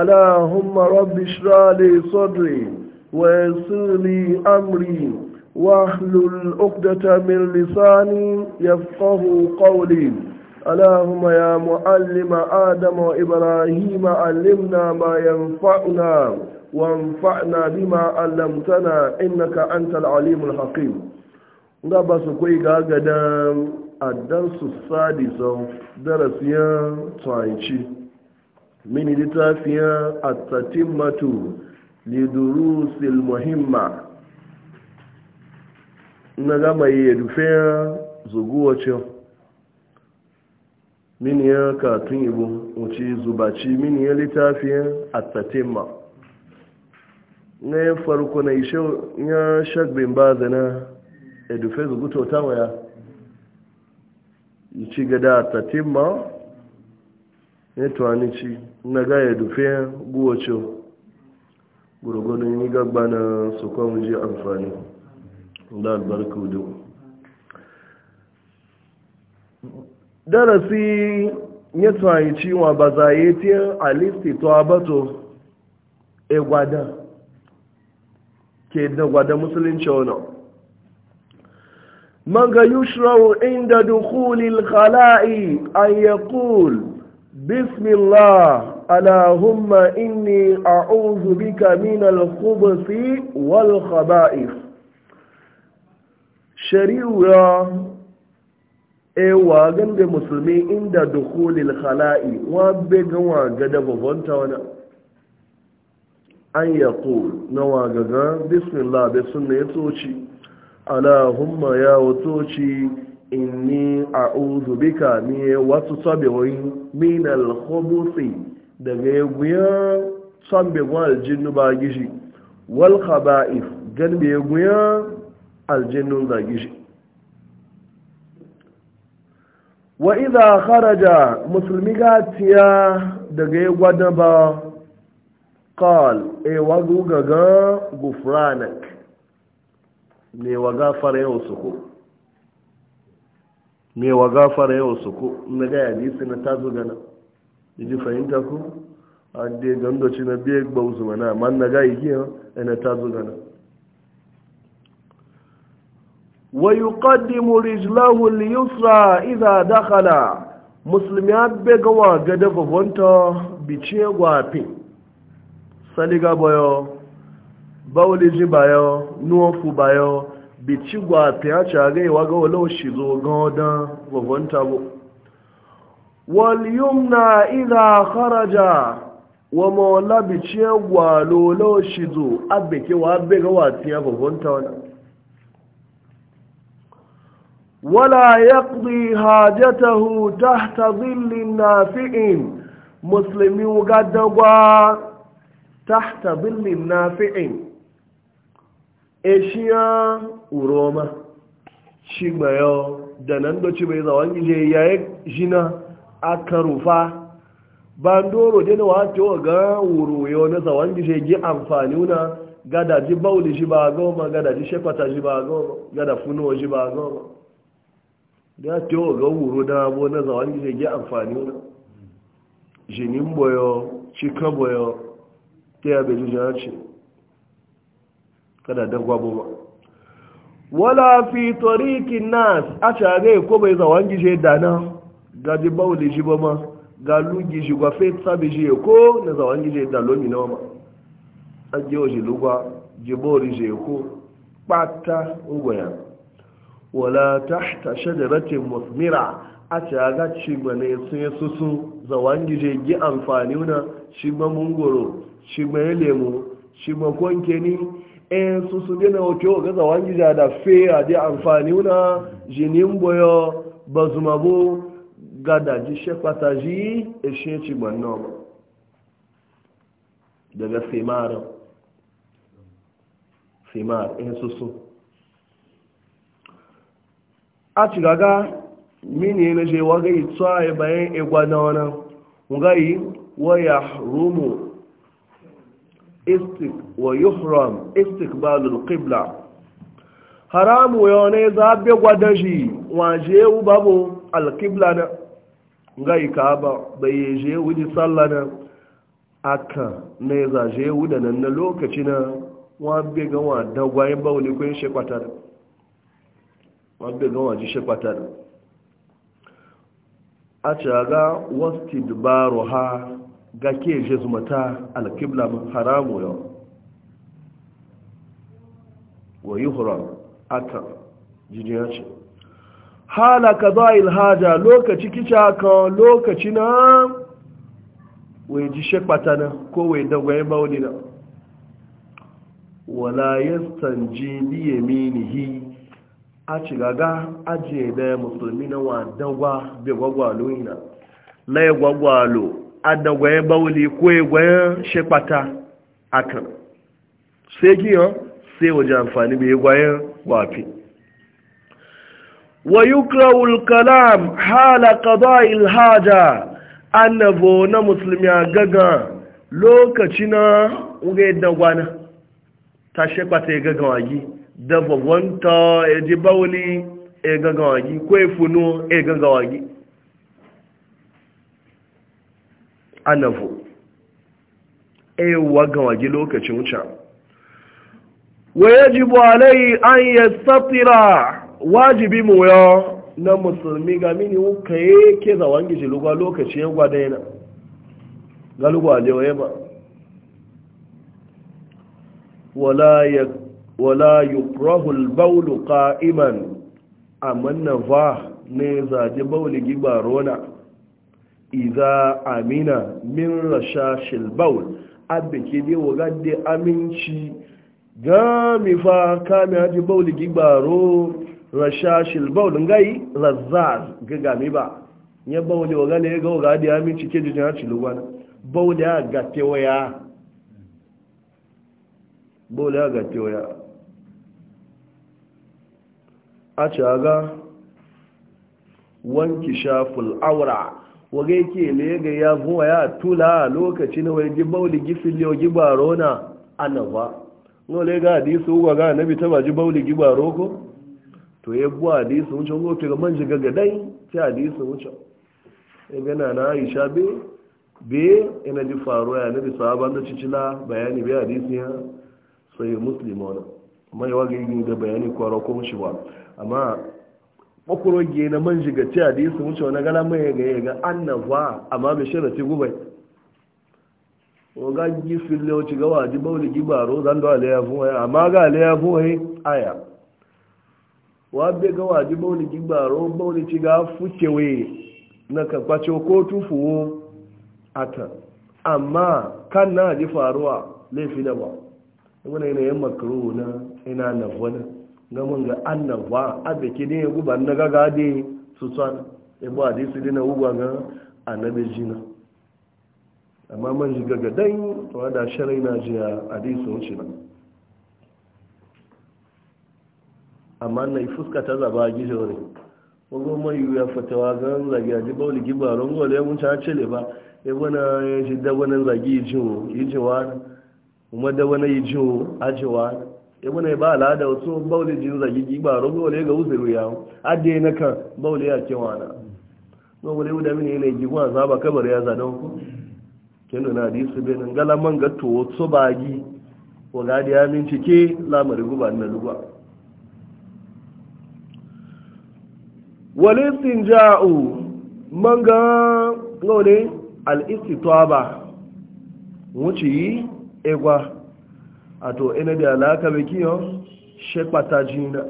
اللهم رب اشرح لي صدري ويسر لي امري واحلل عقدة من لساني يفقه قولي اللهم يا معلم آدم وإبراهيم علمنا ما ينفعنا وانفعنا بما علمتنا إنك أنت العليم الحكيم غابا سكوي غاغدا الدرس السادس درس يا mini littafiyan attatimmatu lidurusil muhimma na gama yi rufiyan zuguwacin mini ya katun ibu wuce zubaci mini ya littafiyan attatimma na ya farko na ishe ya shagbin ba zana edufe zuguto ta waya yi ci gada attatimma ya tuwani ci na gaya dufe guwacin gurgunin yi gaba na su kwan ji amfani da albarka udu. darasi ya tuwani wa ba za yi a listi to abato e gwada ke da gwada musulunci wani من يشرع inda دخول الخلاء أن يقول بسم الله اللهم إني أعوذ بك من الخبث والخبائث شريعة ewa gan da musulmi inda dukhulil khala'i wa be gawa gada babanta wani an ya na wa gaga bismillah bai sunna ya toci alahumma ya wa toci inni a'udhu bika ne wasu tsabirin min al-khubuthi daga yaguya tsambigwa aljinnu ba gishi wal khaba'if ganbe yaguya aljinnun da gishi wa idha kharaja musulmi gatiya daga yagwada ba qal e wagu gaga gufranak ne waga fara yau me wa gafara yawan su ko na da hadisi na tazo gana Iji fahimta ku, da ya gando ci na biye gbauzu mana ma na gaya yi na tazo gana wa mu rijilahu liyusra yusra dakala Musulmi ya abbe gawa gada vavonta bice gwafi saliga bayo bawuli ji bayo nuofu bayo bici gwafi ya cagai waga walau shi zo gaudan babban tabo na ina kharaja wa maula bici e gwalo lau shi zo abeke wa abega wati ya gwagwan wani wala yaqdi hajatahu tahta dhillin nafi'in muslimin gadagwa tahta na fi'in eshiya uroma shi mayo da nan doci bai zawon ya yi jina aka rufa ba doro da na wa ga wuro yau na zawon gije gi amfani na? gada ji bauli ji ba goma gada ji shekwata ji ba goma gada funo ji ba goma da wa ga wuro da bo na zawon gije gi amfani una jinin boyo cika boyo ta yabe ji ce kada gwabo ba wala fi tariqin nas a shage ko bai zawan gije dana ga ji da shi ba ma ga lugi shi gwa fe sabi shi ko na zawan gije da lomi na ma a ajiyo shi lugwa da shi ko pata ugoya wala tahta shajaratin musmira a shi ci bane sun susu zawan gije gi amfani na shi ba mungoro shi ba lemu shi ba ni e su su na oke yau gaza wani da fe a amfani wuna jinin boyo ba zuma bo gada ji shekwata ji ishe e ci gbanna daga femara femar in su su a ci gaga mini e e na je waga yi tsaye bayan igwa na wani waya rumu istik wa yuhram istikbalul qibla haramu ya wani zaɓe gwada shi waje wu babu alƙibla na ngai ka ba bai yi je wuji tsalla na aka ne ya zaje wu da nan na lokaci na wabe ga wa dagwayin bauli kun shekwatar wabe ga waji shekwatar a a ga wasu tidbaru ha ga ke je zumata alkibla haramu yau wa yi huram aka jiniya ce halaka za ilhaja lokaci kica aka lokaci na wai ji shekpata na ko wai dagwayen mauni na wala yastan ji biye minihi a cigaga ajiye da musulmi na wa dagwa bai gwagwalo na na ya gwagwalo adagwaye bauli ko egwayen shekwata a kan sai giyan sai waje amfani mai egwayen wafi wa yukrawul kalam hala qada ilhaja annabo na musulmi a gaga lokaci na uga yadda ta shekwata ya e gaga wagi dabba wanta ya e ji bauli ya e gaga wagi ko ya funu ya gaga wagi anafu ewa gawagi lokacin wuce wa yajibu alai an satira wajibi mu ya na musulmi ga mini wuka ya ke za wangi shi lugwa lokaci ya gwada yana ga lugwa lewaye ba wala yi rahul baulu iman, amma na fa ne zaje bauli gibarona iza amina min rashashil baul abin ke dai wagadde aminci ga mi fa kame haji bauli gigbaro rashashil baul ngai razaz ga mi ba ya bauli wagale ga wagade aminci ke jijin haci lugwana bauli ya gate waya bauli ya gate waya a ci aga wanki shaful aura waga yake ga ya buwa ya tula lokaci na wai gi bauli gi filio gi na anawa no lega hadisi uwa ga nabi ta baji bauli gi baro ko to ya bu hadisi mun go to man manje ga gadai ti hadisi mun chongo e ga na Aisha be be ina ji faro ya nabi sahaba da cicila bayani be hadisi ya sai muslimona mai waga yin da bayani kwaro ko shi ba amma makuroge na man shiga ci hadisi wuce wani gana mai ga ya ga annaba amma bai shirya ci gubai ga gifin lauci ga waji bauli gibaro zan da alaya fuwaye amma ga alaya fuwaye aya wa bai ga waji bauli gibaro bauli ci ga fukewe na kakwace ko tufuwo ata amma kan na ji faruwa laifi da ba wani yanayin makaru na ina na wani mun ga annan a abeki ne guba na gaga de su tsan ibu hadisi dina guba ga annabi jina amma man ji gaga dai to da sharai na ji hadisi wuce na amma na fuska ta zaba gijo ne wago mai ya fatawa ga zagi ji bauli gibaron gole mun ta cele ba e bana ya ji da wannan zagi jiwo yijiwa kuma da wannan a jiwa ibn ba la da wasu baule jin zagigi ba rogo ne ga uziru ya adde na kan bauli ya ce wana no wale da mini ne gigwa za ba kabar ya zadan ku kendo na hadisi be nan galaman ga to so bagi wa ga da ya min cike lamar guba na lugwa wale sinja'u manga ngole al istitaba wuci egwa ato ina da alaka bai kiyo shekwata jina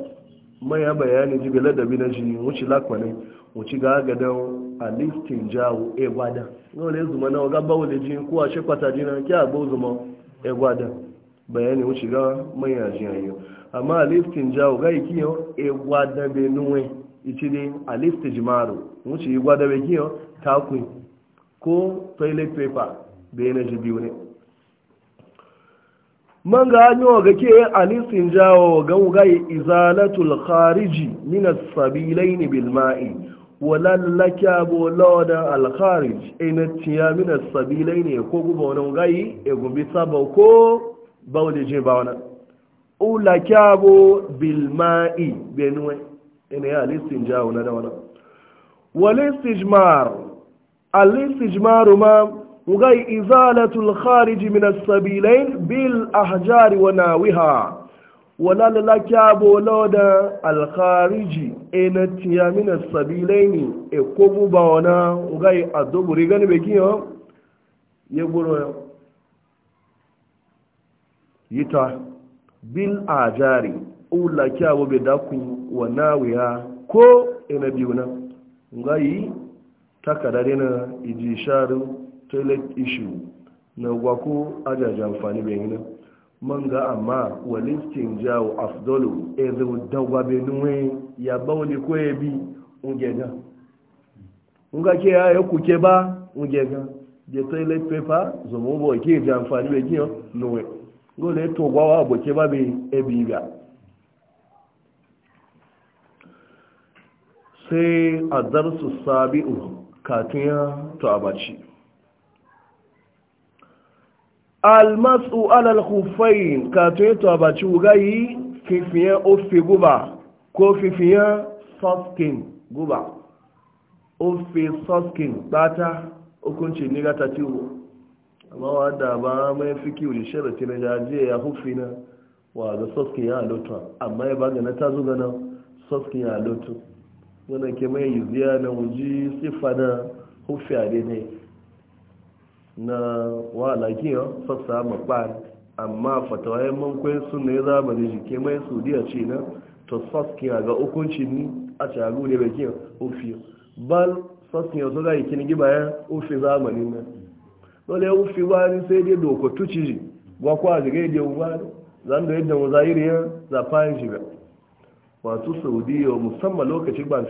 maya bayani jibe ladabi na jini wuce lakwane wuce ga agadan a listin jawo egwada na wale zuma na waga bawo da jini kuwa shekwata jina kya abu zuma egwada bayani wuce ga maya jina yau amma a listin jawo ga ikiyo egwada bai nuwe ici dai a listin jimaru wuce egwada bai kiyo takwi ko toilet paper bai na ji biyu ne man ga hanyo ga ke alisin jawo ga wugaye izalatul khariji min as-sabilain bil ma'i walallaka bo lawda al kharij ina tiya min as-sabilain ko guba wannan gayi e gumbi sabo ko bawle je ba wannan ulaka bo bil ma'i benwe ina ya alisin jawo na da wannan wal istijmar ma ngai izalatul khariji min as-sabilain bil ahjari wa nawiha wala lalaka bolo da al-khariji ina tiya min as-sabilain e kobu ba ngai adoburi gani be kiyo ye goro yita bil ajari ula bo be daku wa nawiha ko ina biuna ngai takadare na ijisharu toilet issue na gwako ajajen amfani bayan nan man ga amma walistin jawo afdolu ezo dagwa benuwe ya bauli ko ya bi ungega unga ke ya yoku ke ba ungega je toilet paper zomo bo ke je amfani be giyo nowe Gole to gwawa bo ke ba be ebi ga sai adarsu sabi'u katun to abaci almasu alal hufain katon yato abaci wugayi fifiyan ofe guba ko fifiyan soskin guba ofe soskin bata hukunci ni gata ciwo amma wadda ba mai fi fiki wuri sharafi na jajiya ya hufi na wa ga soskin ya lotu amma ya bangana ta tazo gana soskin ya lotu wadda ke mai yi ziya na wuji siffa na hufi a daidai na walakiyar sassa makpan amma fatawayen mankwai sun ne zamani jike mai diya ce na to saskiya ga hukuncin ni a cagu ne bakin ofi bal saskiya su ga yi gi bayan ofi zamanin nan dole ya ofi wani sai dai doko tuci ji gwa kwa wani zan da yadda mazahiri ya zafayin shi ba wasu saudiya musamman lokacin ban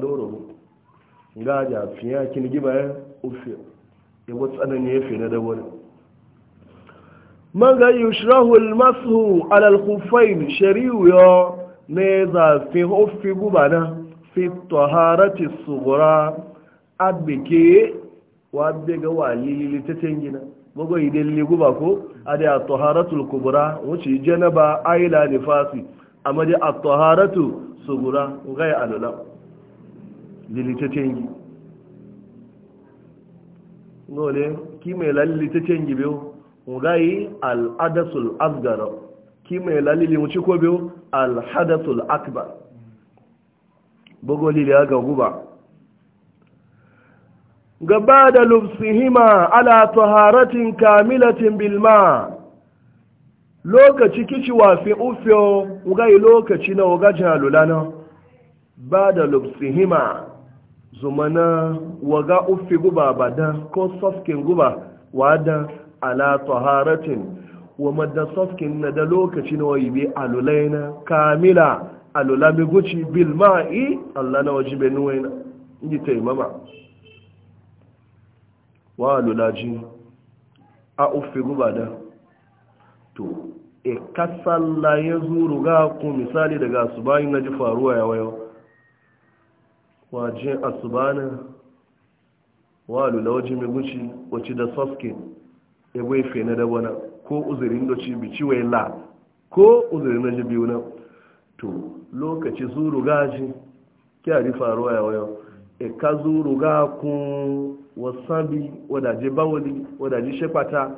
doro ga jafiya ufe ya wata tsanani ya fi na da wani man ga yushrahu almasu ala alkhuffain shari'u ya ne za fi hufi gubana fi taharati sughra abike wa abega wa lili taten gina gogo idan li guba ko ada at-taharatul kubra wuce janaba aila nifasi amma da at-taharatu sughra gai alula lili taten gina nole ki mai lalli ta cengi biyu ngayi al'adasul asgara ki mai lalli limuci ko biyu al'adasul akbar bugoli da ya guba gaba da lubsihima ala taharatin kamilatin bilma lokaci kici wafi ufiyo ngayi lokaci na wagajin alulana ba da lubsihima zumana waga uffi guba ba da, ko sofkin guba Wa da ala taharatin wa madda sofkin na da lokaci na wayi bi alulaina kamila alula mi guci bil ma'i Allah na waje be nuwaina inji taimama wa alulaji a uffi guba da to e kasalla ya zuru ga ku misali daga su bayin na ji faruwa ya wayo wajen asubana wa lula mai guci wacce da soskin ebe ife na dabana ko uzirin doci bici wai la ko uzirin na jibiyu na to lokaci zuru gaji kyari faruwa ya wayo e ka zuru ga kun wasabi wadaje bawali wadaje shepata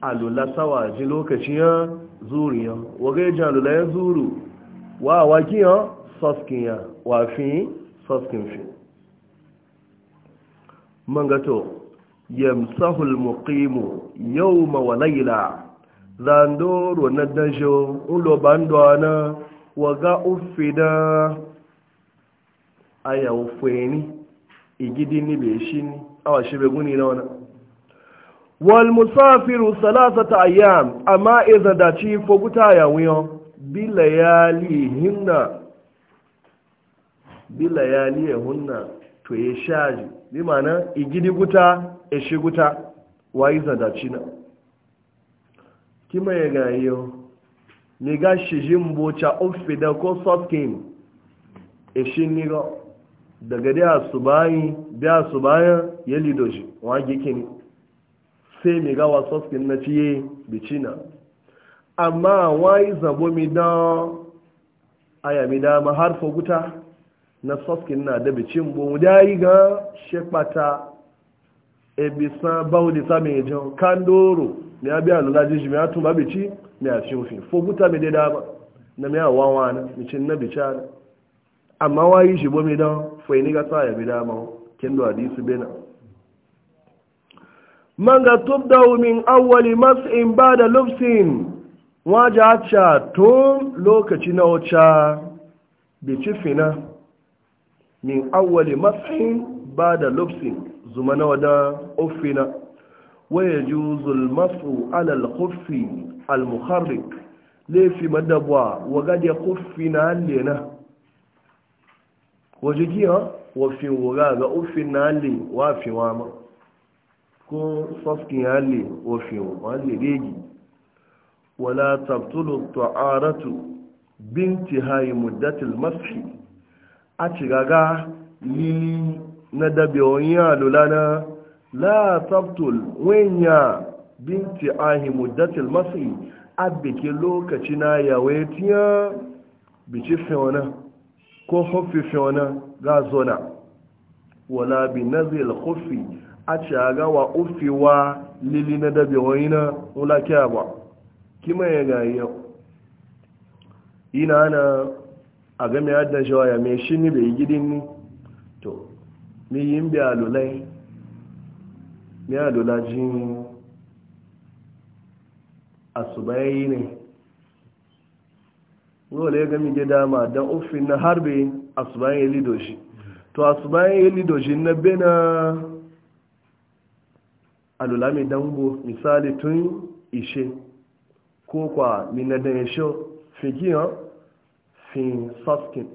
alula sawa ji lokaci ya zuru ya wagai jan alula ya zuru wa waki ya soskin ya wafin saskin fi man gato yamsahul muqimu yawma wa layla zandoro na danjo ulo bando na waga ufida aya ufeni igidi ni beshini awa shebe guni na wana wal musafiru salasata ayyam amma iza dachi foguta ya wiyo bilayali hinna Bila to ya shaji bi ma'ana igidi guta ya shi guta wayi zadaci na kima ya gayo ni ga shijin bocha ofida ko sofkin ya shi nigo daga da su bayi da su bayan ya lido shi wa gikin sai mi ga wa sofkin na ciye na. amma wayi zabo mi don aya mi dama harfa guta na soskin na da bicin bu da yi ga shekpata ebisan bauli sami ejan kandoro ne abi alula jiji mi atun bici mi a fi ofin foguta mi deda ba na mi awa wa na mi na bica na amma wa shi bo mi dan fai ya bi dama kendo hadisi bena man ga tubda min awwali mas'in ba'da lubsin waje hacha tun lokaci na wuce bici fina من أول مسح بعد لبس زمن ودا أفنا ويجوز المسح على الخف المخرق لفي مدبوا وقد يخفنا لنا وجدها وفي وغاغ أفنا لي وفي واما كو صفكي علي وفي وغالي ريجي ولا تبطل الطعارة بانتهاء مدة المسح a gaga yi na dabewoyin alula na la tabtul wenya binti ahi muddatil masi a bike lokaci na yawai tiya bici fiona ko hoffi fiona ga zona wala bi nazil hoffi a gaga wa wa lili na dabewoyin na wula ba kima ya ga yau ina na a game yadda shawaya mai shi ni bai gidin ni to mi yi bi alulai mi a su bayayi ne dole ya gami gida ma don ofin na harbe bayan yi lidoshi to a bayan yi lidoshi na bena lula mai dango misali tun ishe ko kwa dan ya fi giyan fin saskin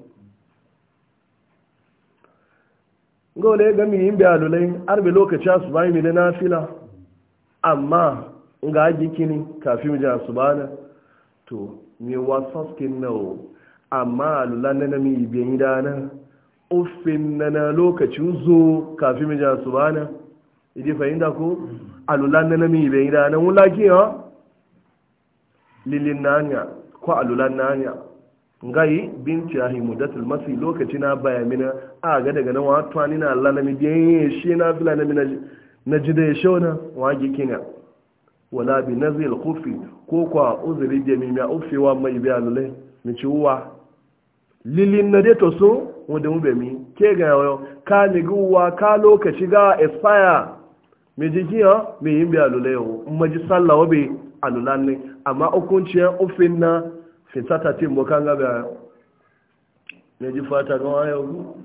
ga wale ga mi yin biya arbe lokaci a su bayan mi na fila amma ga haji kini kafin jiya su bana to mi wa saskin na o amma lula na nami biyan dana ofin na na lokacin zo kafin mi jiya su bana idi fahimta ko alula na nami biyan dana wula ki ha lilin nanya ko alula nanya ngai binti ahi mudatul masi lokaci na baya mina a ga daga nan wato ni na Allah na mi biye shi na bila na mina na jide shona wagi kina wala bi nazil khufi ko kwa uzuri je mi mi ufi wa mai biya lule mi ci uwa lilin na de to so wanda mu be mi ke ga yo ka ni guwa ka lokaci ga expire mi ji kiyo mi yin biya lule yo maji sallawa be alulan ne amma hukuncin ufin na fitata tim bo kanga be ayo ne ji fata ga ayo gu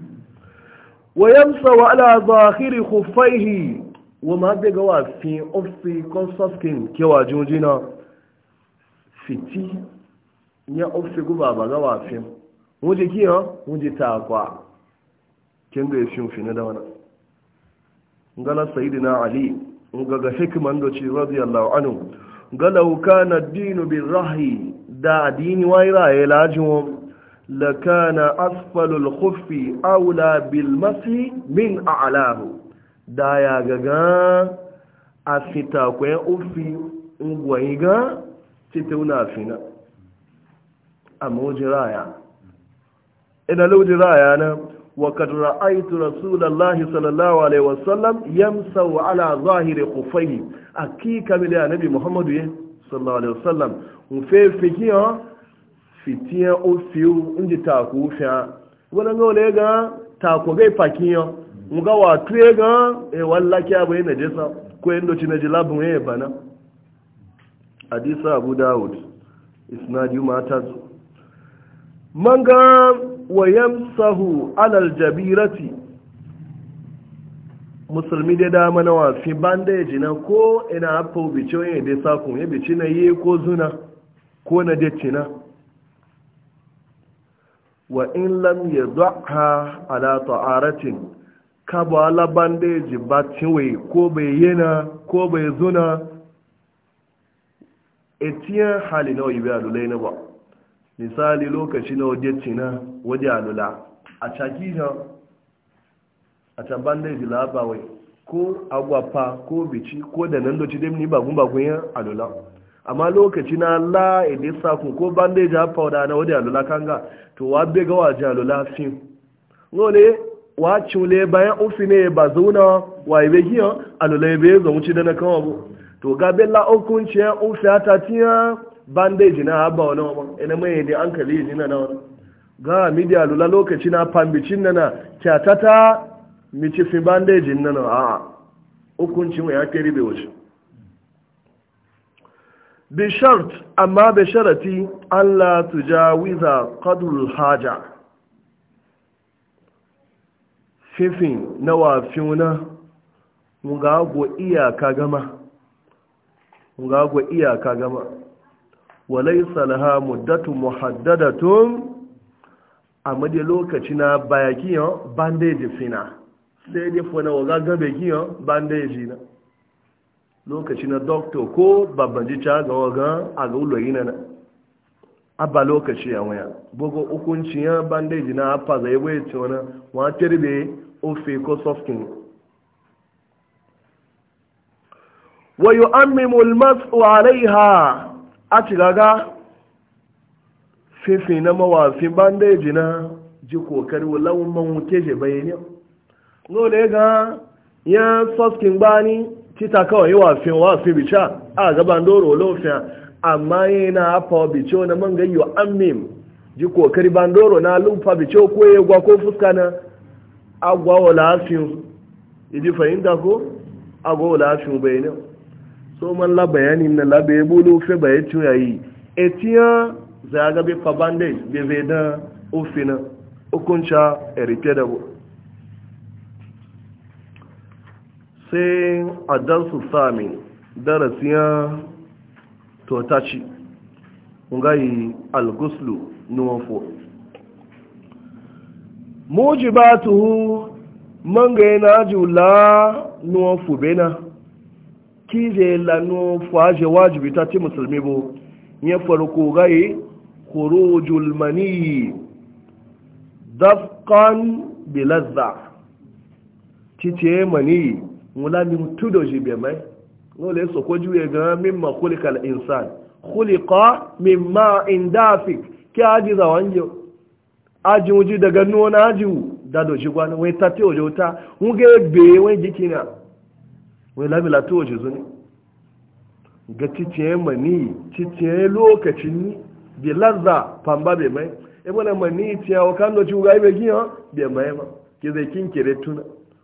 wa yamsa wa ala zahiri khuffaihi wa ma be ga wa fi ofsi konsaskin ke wa junjina fiti nya ofsi gu ba ba ga wa fi mu ji ki ho mu ji ta kwa kin ga shi fi na da wana ngala sayyidina ali ngaga hikman do ci radiyallahu anhu galau kana ad-din bil rahyi da addini wa iraye lajiwon lakana asfalul khuffi aula bil masi min a a'lahu da ya gaga a fita kwe ufi ngwai ga cite una fina A wajen raya ina lauji raya na wakad ra'aitu rasulallahi sallallahu alaihi wasallam yamsau ala zahiri kufai akika mila nabi muhammadu ye sallallahu alaihi wasallam nfe fiki ha fitiye ofiu nji taku fiya wani ga wale ga taku gai faki ha nga wa tuye ga e walla kya bai na jesa ko yando ci na jilabun ya e bana hadisa abu dawud isnadi ma ta zo man ga wa yamsahu alal jabirati musulmi da dama na wafi banda ya na ko ina hapun bice wani ya dai sakun ya bici na yi ko zuna ko na dace na wa in lam ya du'a ala ta'aratin ka ba laban da ya ji ba ciwe ko bai yana ko bai zuna etiyan hali na oyi bai alulai na ba misali lokaci na waje cina waje alula a caki na a caban da ya ji labawai ko agwapa ko bici ko da nan doci dem ni bagun bagun yan alula amma lokaci na la ede sakun ko bandage ha powder na wadi alula kanga to wa be ga waje alula fin ngole wa chule bayan ofine ba zauna wa ibe hiyo alula be zo muci da na kawo bu to ga be la okun ce ofi ata tiya bandage na ba wona ma ina mai da an kali ni na na ga media alula lokaci na pambicin na na tata mi ci fi bandage na na a hukuncin ya kiri be wuce bishart amma bisharati Allah tujawiza qadrul haja fifin na wafiuna mugago iyaka gama mugago iyaka gama walaysa laha muddatu muhaddadatun amma dai lokaci na bayakiyan bandage fina sai dai fona waga gabe kiyan bandage na lokaci na doktor ko babban jica ga wagan a ga yi na abba lokaci ya waya bugu hukunci ya bandeji na apa zai bai ci wani wata ribe ofe ko sofkin wayo an mimul masu alaiha a cigaga fifi na mawafin bandeji na ji kokari wulawun mawuke je bayani da ya ga ya sofkin bani títà kawai yi wàfin wàfin bìchá a gaban doro lófin amma yi na hafa bìchó na man gayyo amim ji kokari bandoro na lufa bìchó ko ya gwa ko fuska na agwa wa lafin fahimta ko agwa wa lafin bai so man la bayanin na la bai bulu fe bai yi etiya zaga bi fa bandage sai a darsu sami darasiya totaci ngayi al-guslu nuwafo mujibatuhu man yana jula nuwafo bena kije la nuwafo aje wajibi ta ci musulmi bo ya farko gayi khurujul mani dafqan bilazza tice mani mula min tudo bai mai ngole so ko juye ga mimma khuliqa al insan khuliqa mimma indafik ki aji za wange aji uji daga nuna aji da do ji gwana we tati ojo ta unge gbe we jikina we la bila to ojo zuni ga titiye mani titiye lokaci ni bi lazza pamba bai mai e bona mani tiya o kan do ci uga ibe gina be mai ma ke zai kinkire tuna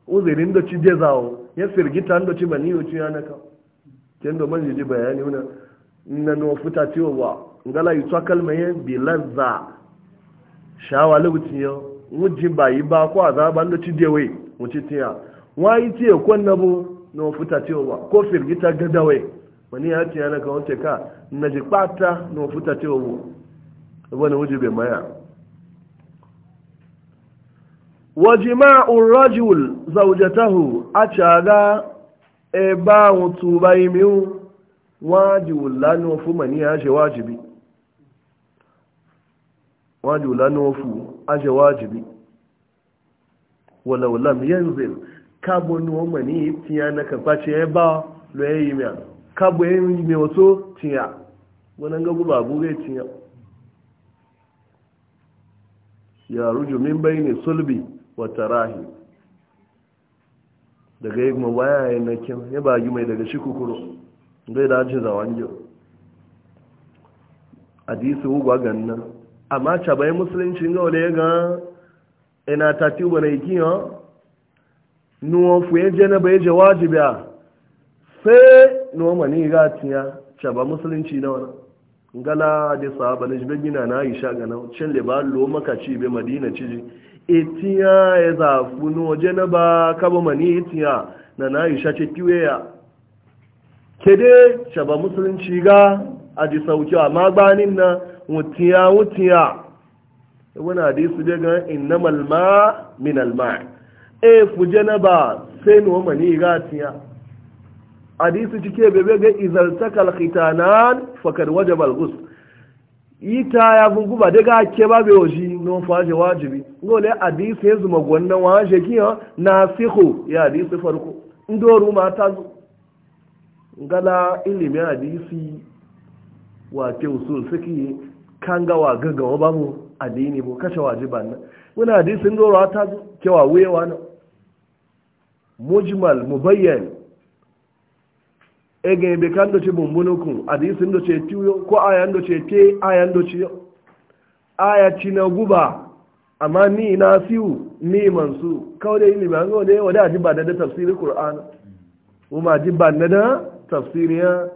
uzirin do ci jezawo ya firgita an doci bani yau ciya na ka ken do man jiji bayani una na no futa ciwo ba ngala yi tsakal mai bi lazza shawa lubuci yo muji bayi ba ko azaba doci dewe ci tiya wai ci tiye kon na bu no futa ciwo ba ko firgita gadawe mani ya ciya na ka wace ka na ji kpata no futa ciwo bu wani muji bai maya wajima'u rajul zawjatahu achaga eba utubaimiu wajibu lanu ofu mani aje wajibi wajibu lanu ofu aje wajibi walau lam yanzil kabo ni wọn mani tiya na kafa ce eba lo e ya yi miya kabo ya e yi mai wato tiya wani gabu babu zai tiya ya rujo min bai ne sulbi watarahi daga yi mawaya na kin ya bagi mai daga shi kukuru zai dace zawon yau hadisi ugwa ganna amma cabai musulunci ga wale ga ina ta tuba na ya nuwa fuye je na bai je wajibi a sai nuwa mani ga tiya caba musulunci na wani gala da sahaba na jibin gina na aisha ga nan cin liba lo makaci bai madina ciji etiya ya zafu no ba kaba mani etiya na na isha ce ya kede shaba musulunci ga a ji sauki amma banin na wutiya wutiya wani hadisi daga ina ma min alma e fu ba sai no mani ga tiya hadisi cike bebe ga izaltakal khitanan fakar wajabal al ita ya gunguba daga ake ba bai waje non faje wajibi gole hadisi ya zuma gwannan waje kiyo na siho ya hadisi farko ndoru ma ta zo ngala ilimi hadisi wa ke usul suke kan gawa gaggawa ba mu addini bo kashe wajiban nan wani hadisi ndoru ta zo kewa wewa nan mujmal mubayyan ege be kan do ce bumbuno kun hadisin kwa ce tiyo ko ayan do ce aya ci na guba amma ni na siu ni mansu kawai da ilimi an gode wada ji ba da tafsirin qur'an kuma ji ba da tafsirin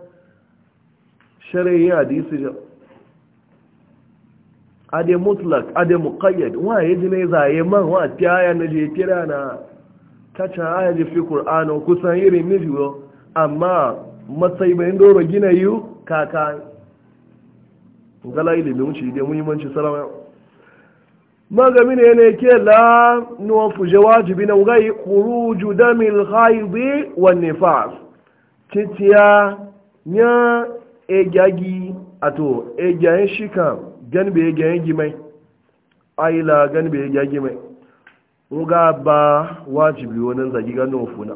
sharhi hadisi ja ade mutlak ade muqayyad wa yaji ne zaye man wa tiya na je kira na kacha aya ji fi qur'an kusan iri mijiyo amma matsayi bayan doro gina yiwu kaka gala ilimi wuce da muhimmanci salama magami ne ne ke la nuwa fuje wajibi na wugayi kuruju damil haibi wa nifas titiya nya egyagi ato egyayen shika ganbe egyayen gimai aila ganbe egyayen gimai wuga ba wajibi wani zagi ganin funa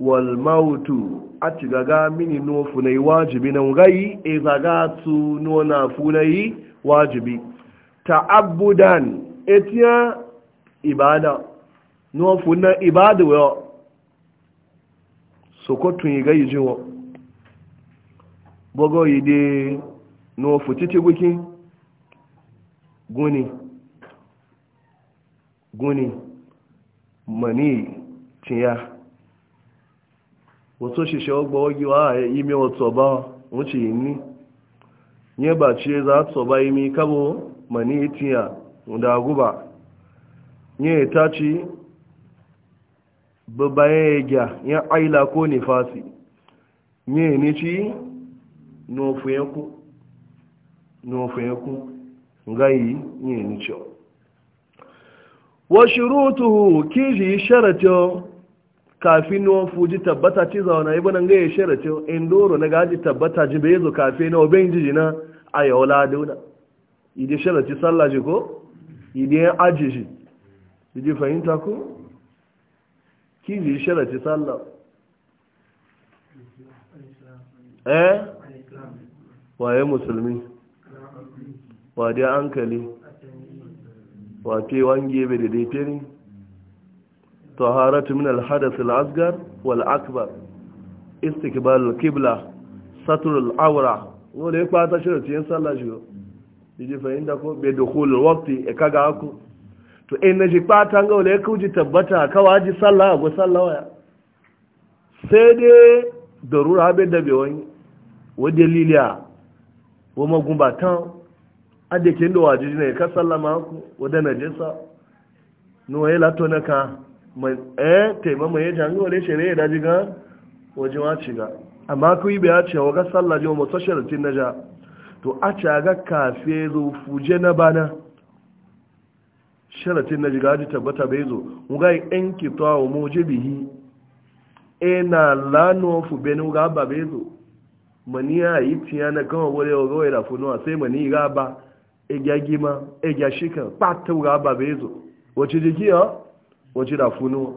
walmautu a ci gaga mini nufu na yi wajibi na ngayi e zaga tu nuna fu na yi wajibi ta'abbudan etiya ibada nufu na ibada wa sokotun yi gayi jiwo bogo yi de nufu titi guki guni guni mani tiya wato shishe ogba ogi wa ah, a e, ime wato ba wuce ni nye ba ce za ta ba imi kabo mani itiya e da guba nye e ta ci babbayan ya gya ya aila ko nifasi nye ni ci ni kiji sharatiyo kafin nuwan fuji tabbata ci zauna ibi nan gaya shara ce in doro na gaji tabbata ji bai zo kafe na obin jiji na a yau laduna idi shara ci sallaji ko idi yan aji ji idi fahimta ko ki ji shara ci salla eh waye musulmi wa dai hankali wa fi wange bai da daifin asghar من akbar الأصغر والأكبر استقبال القبلة ستر العورة wale ba ta shirin tiyan sallah shi yiji fahimta ko bai dukul waqti e kaga aku to in na ji patan ga wale ku ji tabbata ka waji sallah go sallah waya sai dai darura be da be wani wa daliliya wa magumbatan ade kin da waji ne ka sallama ku wa da najisa no yayi la na ka eh taimama ya jangi wale shi ne ya daji gan wajen wace ga amma ku yi biya cewa ga sallah jiwa masu sharatin na ja to a ga kafe zo fuje na bana sharatin na jiga ji tabbata bai zo muga yi kitowa wa mujibihi ina e lano fu beni ga ba bai zo mani ya yi tiya na kama wale wa gawai da funuwa sai mani ga ba egya gima egya shika ga ba bai zo wace jiki ya wace da funuwa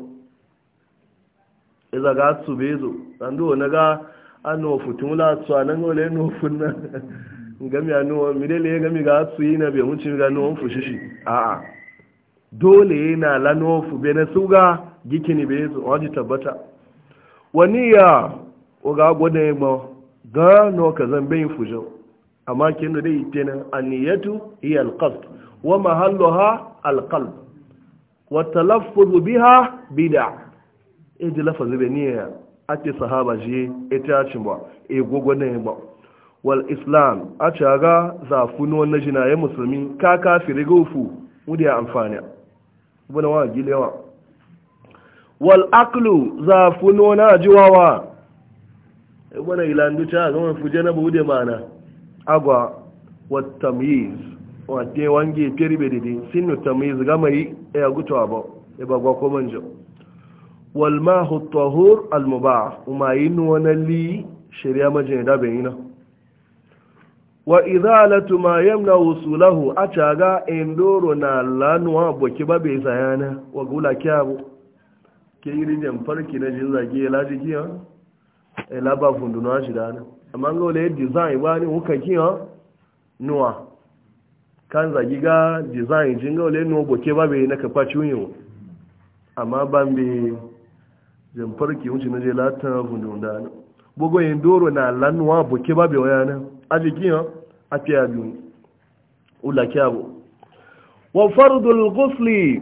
iza ga su bezo an duwa na ga an nuwa futun latsu a nan wale nuwa funna gami a nuwa midele ya gami ga su yi na bai hunci ga nuwa fushishi a'a dole yana la nuwa fu bai na su ga gikini bezo waje tabbata wani ya oga gwada ya ma ga nuwa ka zan bayin fujo amma kin dai tena aniyatu hiya alqalb wa mahalluha alqalb wata lafuzu biha bida e ji lafazi bai ni ya ake sahaba je e ci ba e gogo ne ba wal islam a ci aga zafu ni wannan jinayen musulmi ka kafiri gofu wuri ya amfani wani wa gilewa wal aklu zafu ni wani ajiwawa wani ilandu ta zama fuje na bude mana agwa wat tamyiz wadde wange peri be didi sinu tamyiz gama yi ya gutawa ba e, e ba gwa ko manjo wal mahu tahur al mubah uma yin wana li shari'a majin da na. wa izalatu ma yamna wusulahu achaga endoro na lanwa boki ba be sayana wa gula kyabo ke yiri jam farki na jin zage laji kiya e laba funduna shi dana amma ngole design wani hukan kiya nuwa kan zagi ga design jinga wale no boke ba bai na kafa ciwo amma ban bi jamfar ki wuce na je latin fundun da na bugu yin doro na lanuwa boke ba bai waya na a jiki ya a fiya biyu ula kyabo wa fardul ghusli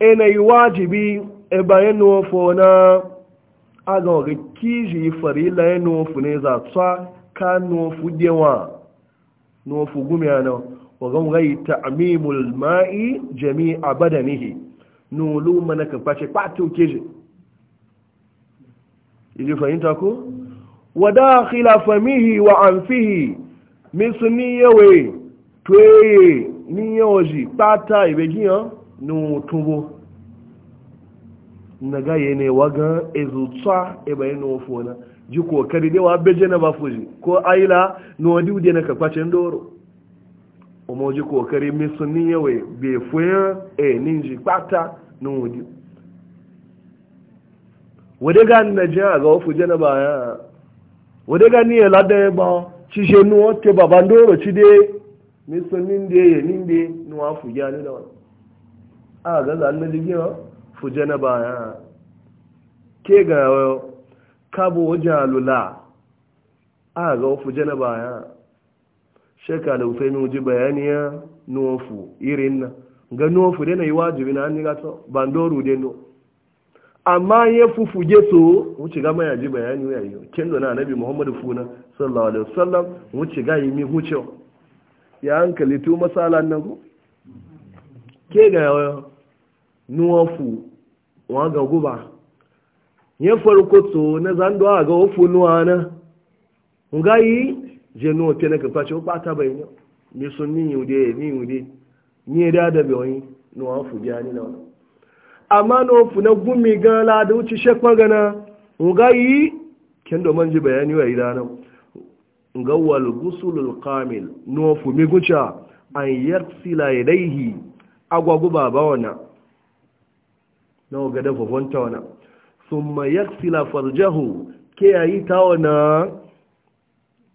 ina yi wajibi e bayan nufo na aga waga kiji farila ya nufu ne za tsa ka nufu dewa nufu gumiya na wagan gai ta'mimul ma'i jami'a badanihi nulu mana ka kwace kwatu keje ili fahimta ko wa dakhila famihi wa anfihi misni yawe tweye ni yoji pata ibegiyan naga dewa beje na bafuji ko aila no diude na ka ndoro ọmọ ojú kokari mesu níyẹwò bèè fún ẹ e, níjì pátá níwòdì wòdé ga nàìjíríà àgọ́ òfò jẹ́nàbà yá wòdé ga níyẹ̀ ládẹ́ bá ṣíṣe nu wọn tẹ bàbá ndóró tí dé mesu níndé yẹ níndé ni wọn fò a ga nàìjíríà fò jẹ́nàbà yá ké ga kábò ó jẹ́ sheka da ufe mi ji bayaniya nufu irin na ga nufu dai na yi wajibi na an yi gato bandoru dai no amma ya fufu geto wuce gama ya ji bayani ya yi kendo na annabi muhammadu funa sallallahu alaihi wasallam wuce ga yi mi huce ya hankali tu masala nan ku ke ga nufu wa ga guba ya farko to na zando ga ofu nuwa na ngai je no te na kafa ce ba ta bai ne ni sun ni yude ni yude ni da da bai wani no an fu biya ni na wani amma no fu na gumi ga la da wuce gana magana nga yi ken do man ji bayani wa idana nga wal gusulul kamil no fu mi guca an yarsila yadaihi agwagu baba wana na ga da fafonta wana summa yarsila farjahu ke yayi ta wana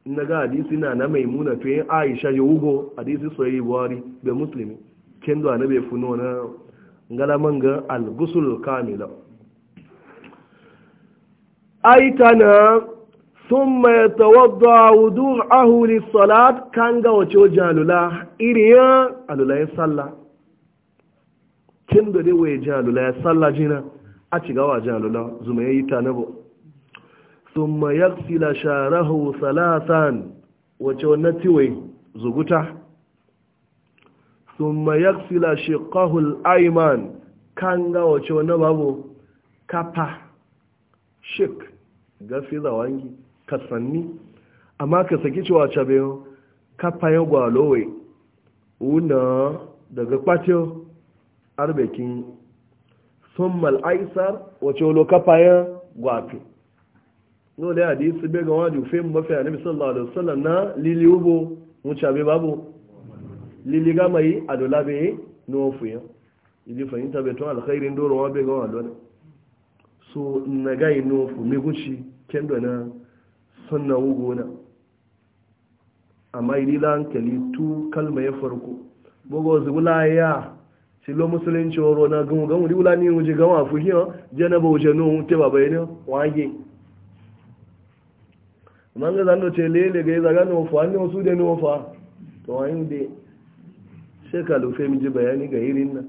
na ga hadisi na na maimuna to yin aisha ya wugo hadisi soyayya buhari bai musulmi kin da bai funo na galaman ga al-gusul kamila sun mai yatawadda wudu'ahu ahuli salat kan ga wace jalula iriya alula ya salla kendo dai waye jalula ya salla jina a cigawa jalula zuma yayi tanabo thumma yaksila sharahu salasan wace wannan tiwai zuguta thumma yaksila shiqahu al-ayman kanga wace wannan babu kafa shik gafi zawangi kasanni amma ka saki cewa cabe kafa ya gwalowe una daga kwatiyo arbekin sun mal'aisar wace walo kafa ya dole hadisi bai ga waju fe mo fe ani sallallahu alaihi wasallam na lili ubo mu chabe babu lili ga mai adola be no fu ya ili fahimta be to alkhairin doro wa be ga wadu so na ga ino fu mi gushi kendo na sunna ugo na amma ili lan kali tu kalma ya farko bogo zula ya silo musulunci oro na gungun gungun di ni uje gawa fu hiyo janaba uje no te baba wa wage amma ga zan ce lele ga zaga no fa ne wasu da no fa to ayin de shekalu fe mi ji bayani ga irin nan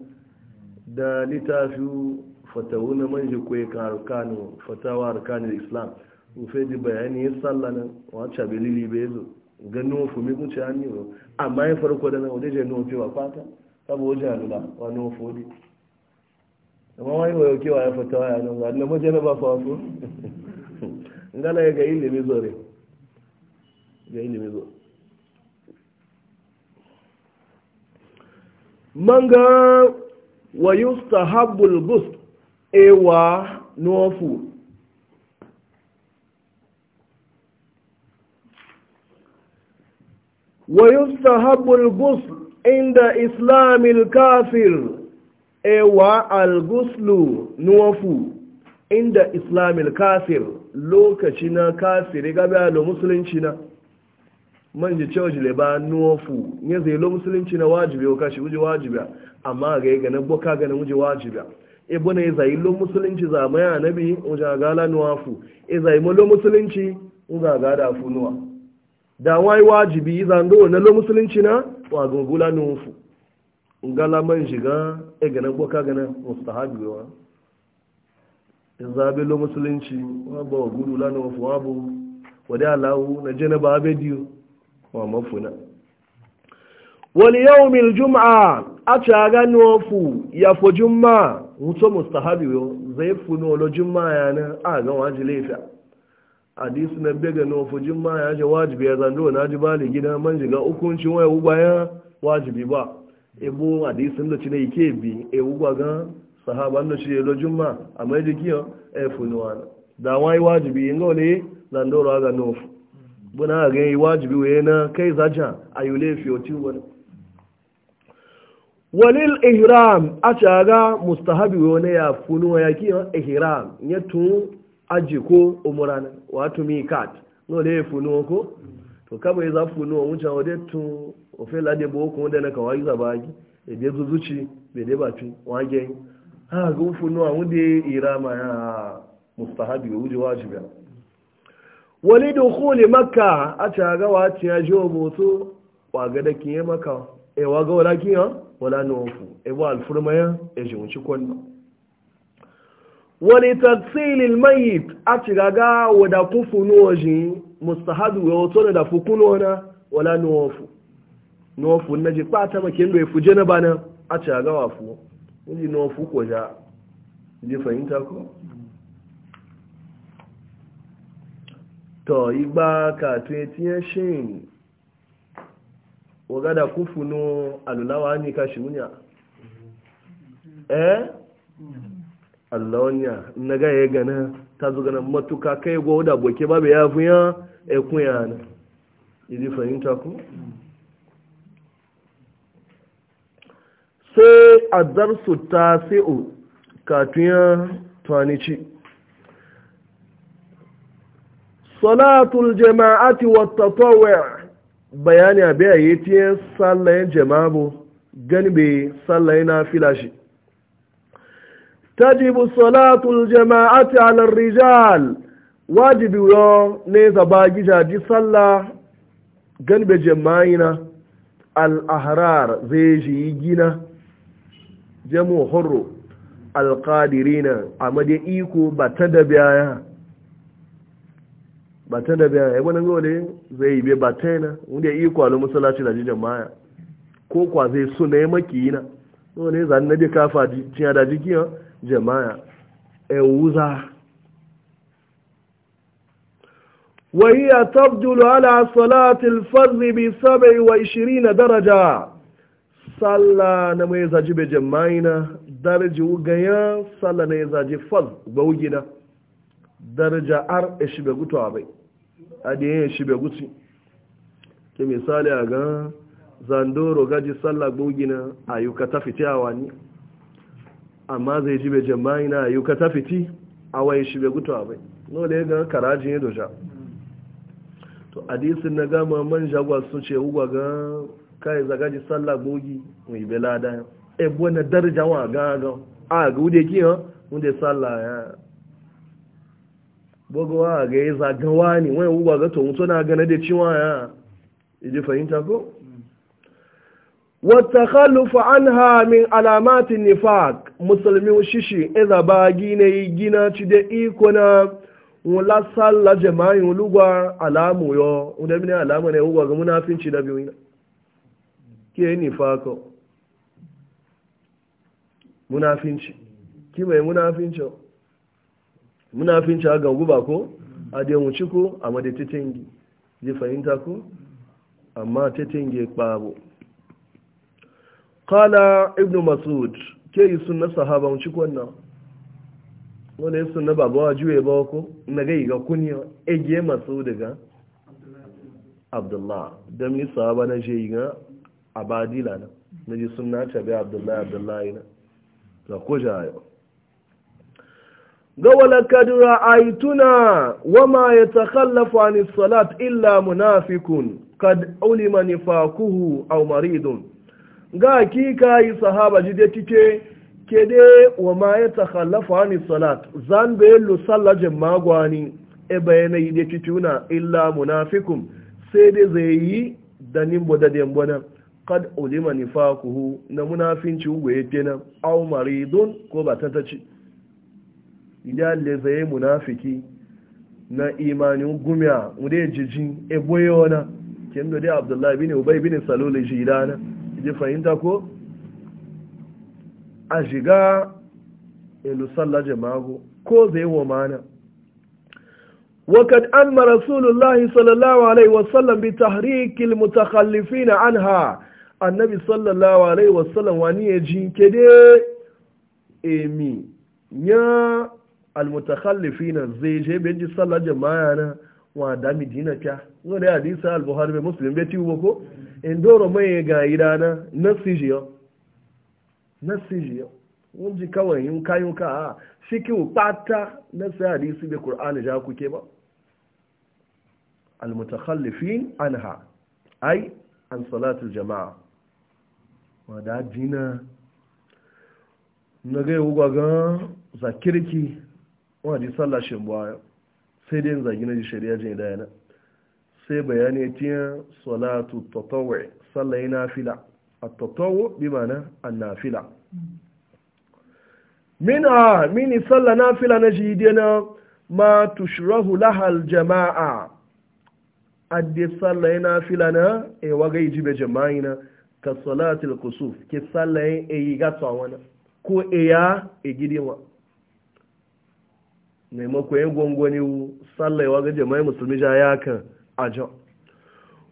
da litafi fatawu na manje kwe ka arkanu fatawa arkanin islam ufe ji bayani ya tsalla nan wacce belili bai zo ganin wofu mai kunce hannu yau amma ya farko da nan wajen nuna wa fata sabu wajen halula wani wofu ne amma wani wayo kewa ya fatawa ya nan wani na majalaba fa wasu ngala ya ga ilimin zore da ilimi zo manga wa yusta habul bus ewa nofu wa yusta habul bus inda islamil kafir ewa alguslu nofu inda islamil kafir lokaci na kafir gaba da musulunci na manje church le ba nuofu nye zai lo musulunci na wajibi o kashi uje wajibi amma ga ga na boka ga na uje wajibi e na ya e zai lo musulunci za mai annabi uje ga la nuofu e mo lo musulunci uga ga da fu nuwa da wai wajibi za ndo na lo musulunci na wa ga gula nuofu ngala man ga e ga na boka ga na mustahabi wa e zabe lo musulunci wa ba gudu la nuofu wa bu wadai alawu na jana ba abediyo wa mafuna wani yau mil juma'a a caga nufu ya fi juma'a mutu mustahabi yau zai fi nolo juma ya na a ga waji laifi hadisi na bega nufu juma'a ya ce wajibi ya zando na ji bali gida man shiga hukunci waya bayan wajibi ba ebo hadisin da cine ike bi ewu gwagan sahaban da shi lo juma'a a mai jikiyo efu nuwa da wani wajibi yin gaule zando ra ga nufu buna ga yi wajibi waye na kai zaja a yule laifi oti wani walil ihram a caga mustahabi wani ya wa ya ki ihram ya tun aji ko umurana wato mi kat no ya funu ko to kama ya za wa wuce wadda tun ofela da bo kuma da na kawai zaba yi da bai zuzuci bai dai batu wage ha ga wa wunde irama ya mustahabi wuje wajibi wani dukuli makka a caga wa ciya ji wa moto wa ga da kiye maka e eh, wa ga wala kiya wala nufu e eh, wa alfurma ya e ji wuci kwanno wani tatsilil mayit a ciga ga wada kufunu waje mustahadu ya wato da fukuno na wala nufu nufu na ji kwata makin bai fuje na bana a caga wa fu ji nufu ko ja ji fahimta ko to igba ka tun etiyan shin wagada kufunu alulawa ni ka shiunya eh allawanya naga ya gana ta zo gana matuka kai go da boke babu ya ya? e kuya na idi fahimta ku sai adarsu tasi'u katuyan tuwanici salatul jama'ati wata tatawwu' bayani abe a yi tiye sallayen jama'a bu gani bai sallayen na fila tajibu salatul jama'ati ala rijal wajibi yo ne zaba gija ji salla gani bai jama'ina al zai shi yi gina jamu horo al-qadirina a iko ba ta da biya bata da biya ya wani gole zai yi ba ta yana wanda ya iya kwalo masalaci da jijin maya ko kwa zai su na ya maki yana wani zan na duka fajin yada jigiyar jama'a e wuza wani ya tabdulu ala salatul fazi bi sabai wa ishiri na daraja salla na mai zaji bai jama'a na, daraji ugaya salla na ya zaji faz gbaugina daraja ar eshi bai gutawa bai adiyan shi bai guci ke misali a gan zandoro gaji sallah gogina ayyuka ta fiti a wani amma zai ji bai jama'i na yi ta fiti a waye shi bai gutu a bai nola ya gan karajin ya doja to hadisin na gama man jagwa sun ce ugwa gan kai gaji sallah gogi mai belada ebo na daraja wa ga ga a ga wude ki ha wude sallah ya bugawa ga ya zagawa ne wani uba ga to mutu na gane da ciwa ya iji fahimta ko wata khalufa an ha min alamatin nifak musulmi shishi iza ba gina yi gina ci da iko na wula salla jama'in lugwa alamu yo bi ne alamu ne uba ga munafinci da biyu ke nifako munafinci ki mai munafincin munafinci a gangu ba ko a da wuce ko a mada titingi zai fahimta ko amma titingi kpabo kala ibn masud ke yi suna sahaba wuce ko nan wani yi suna ba juya ya ba ko na gai ga kuniya egiye Masu daga abdullah don yi sahaba na je yi ga abadila na na ji suna tabi abdullah Abdullahi na da ko jayo ga walakad ra'aytuna wama yatakhallafu ni salat illa munafikun kad ulima nifaquhu aw maridun ga hakika yi sahaba jide tike kede wama yatakhallafu ni salat zan be lu sallaje magwani e bayana yide tituna illa munafikun sai dai zai yi da nimbo da kad ulima nifaquhu na munafinci ugo yake nan aw maridun ko ba idalle zai munafiki na imanin gumiya wude jijin eboye wana kin da dai abdullahi bin ubay bin salul jirana je fahimta ko a shiga ilu sallah ko zai wa mana وقد أم رسول الله صلى الله عليه وسلم بتحريك المتخلفين عنها النبي صلى الله عليه وسلم واني يجين كده إيمي يا almutakhallifina zai je bai ji sallar jama'a na wa dami jina kya wani hadisi al-buhari bai muslim bai tiwo ko in doro mai ga rana na sijiyo na sijiyo wani ji kawai yin káyún ka a pata na sai hadisi bai Kur'ani ja kuke ba almutakhallifin anha ai an salatul jama'a da jina na gaiwu gwagon zakirki wani ji sallah shi buwa sai dai zagi na shari'a jin da yana sai bayani tiya salatu tatawwu sallai nafila at-tatawwu bi ma'ana an-nafila mina mini sallah nafila na ji dena ma tushrahu laha al-jama'a adde sallah nafila na e waga jibe jama'ina ka salatul kusuf ke sallai e yi gatsa wani, ko e ya e gidewa maimako yin gwangwani sallaiwa ga jama'ai musulmi ja ya kan ajo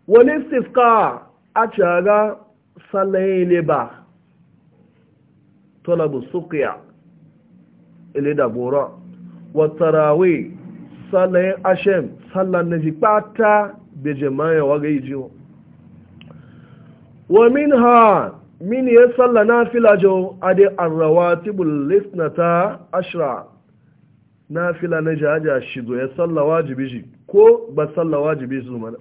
wani istifka a caga sallaye ile ba tolabu sukiya ile da bora watarawe sallayen ashem sallan na ji pata da jama'ai wa ga ijiyo wa min ha min ya salla na filajo a da arrawatibul lisnata ashra na fila na jaja shi zo ya salla wajibi shi ko ba salla wajibi su mana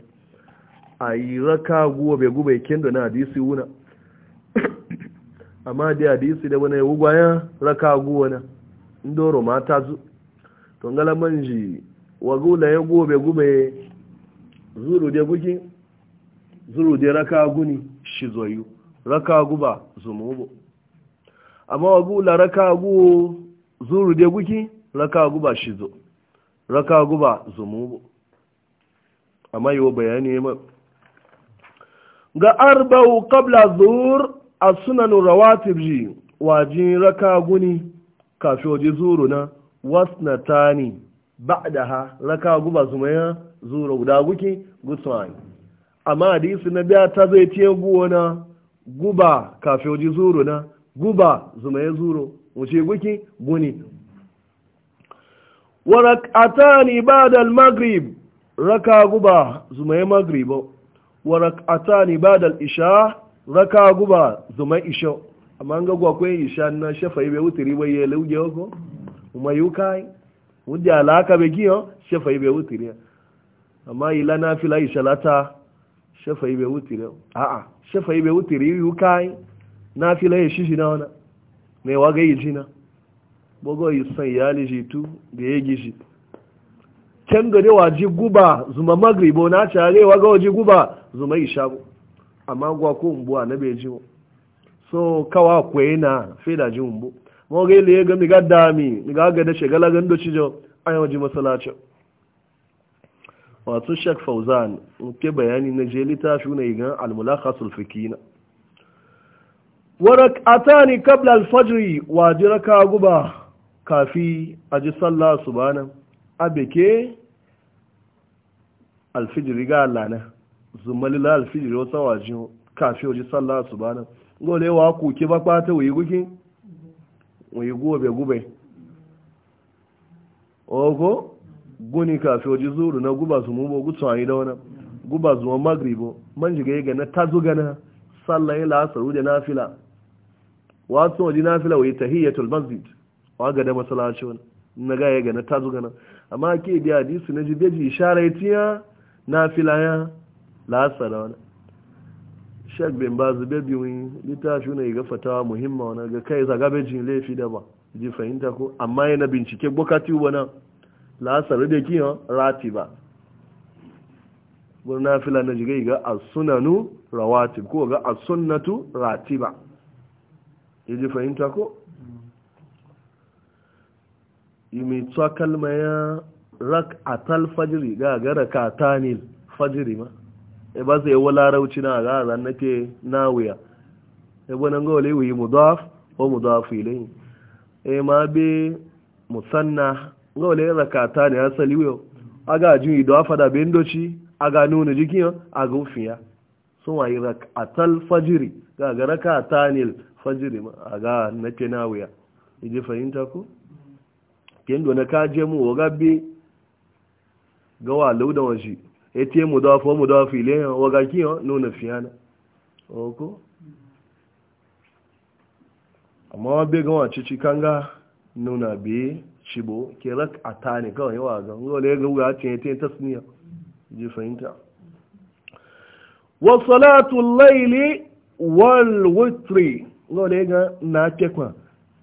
a yi raka guwa bai guba ikin da na hadisi wuna amma da hadisi da wani wugwaya raka guwa na ndoro mata zu to ngala manji wagula ya guwa bai guba zuru da guki zuru da raka guni shi yi raka guba zumubo amma wagula raka guwa zuru da guki raka guba shi zo raka guba zumubu amma yiwu bayani ma ga arba'u qabla zuhur a sunanu rawatib ji waji raka guni kafin waje zuru na wasnatani ba'daha raka guba ya zuru guda guki gutsuwani amma hadisi na biya ta zai tiye guwa na guba kafin waje zuru na guba ya zuru wuce guki guni wa rak'atani ba'da al-maghrib raka guba zumai maghrib wa rak'atani ba'da al-isha raka guba zumai isha amma ga gwa ko isha na shafa'i be wutiri bai ye lauje ko kuma yukai wudi alaka be giyo shafa'i be wutiri amma ila na fila isha lata shafa'i be wutiri a'a shafa'i be wutiri yukai na fila ya shi na wana me waga yi jina bogo yi san yali tu da ya gishi can gare waji guba zuma magribo na care ga waji guba zuma isha amma gwa ko mbu a na bai ji so kawa kwaye na feda ji mbu ma ga ile ga miga ga dami miga ga da shagala gando ci jo ayi waji masalacin wato shek fauzan nke bayani na je littafi na igan almulakhasul fikina atani qabla alfajr wa jiraka guba kafi a ji sallah su bana a beke alfijiri ga zumali zumalila alfijiri wata wajen kafi a ji sallah su nan gole wa kuke ba ta wuyi guki wuyi gobe gube ogo guni kafi a ji zuru na guba su mubo gutsu a yi da wani guba zuwa magribo man jiga yi gana ta zuga na sallah yi la'asaru da nafila wasu waje nafila wuyi tahiyyatul masjid waga da masalaci wani na gaya ga na tazu gana amma ke biya hadisi na jibeji ishara ya tiya na filaya la'asa da wani shek bin ba zube biyun littafi ne ga fatawa muhimma wani ga kai jin laifi da ba ji fahimta ko amma yana bincike bukati wani la'asar da kiyan rati ba wani na fila na jigai ga asunanu rawatib ko ga asunatu rati ba ya ji fahimta ko imi tsa kalma ya rak a tal fajiri ga gara ka tani fajiri ma e ba zai wala rauci na ga ran nake na wuya e bonan ga wale wi mudaf o mudaf ilayhi e ma be musanna ga wale rakata ne asali wuyo aga ju afa da a aga nuna jikin aga ufiya wa rak atal fajiri ga gara ka tani fajiri ma aga nake na wuya ije fahimta ko kendo na kaje mu wa gabbi ga wa lauda wanshi ete mu da fa mu da fi le wa ga kiyo nuna fiyana oko amma wa be ga wa cici kanga nuna bi shibo ke rak atani kawai yawa ga ngole ga wa ce te tasniya ji fahimta wa salatu layli wal witri ngole ga na tekwa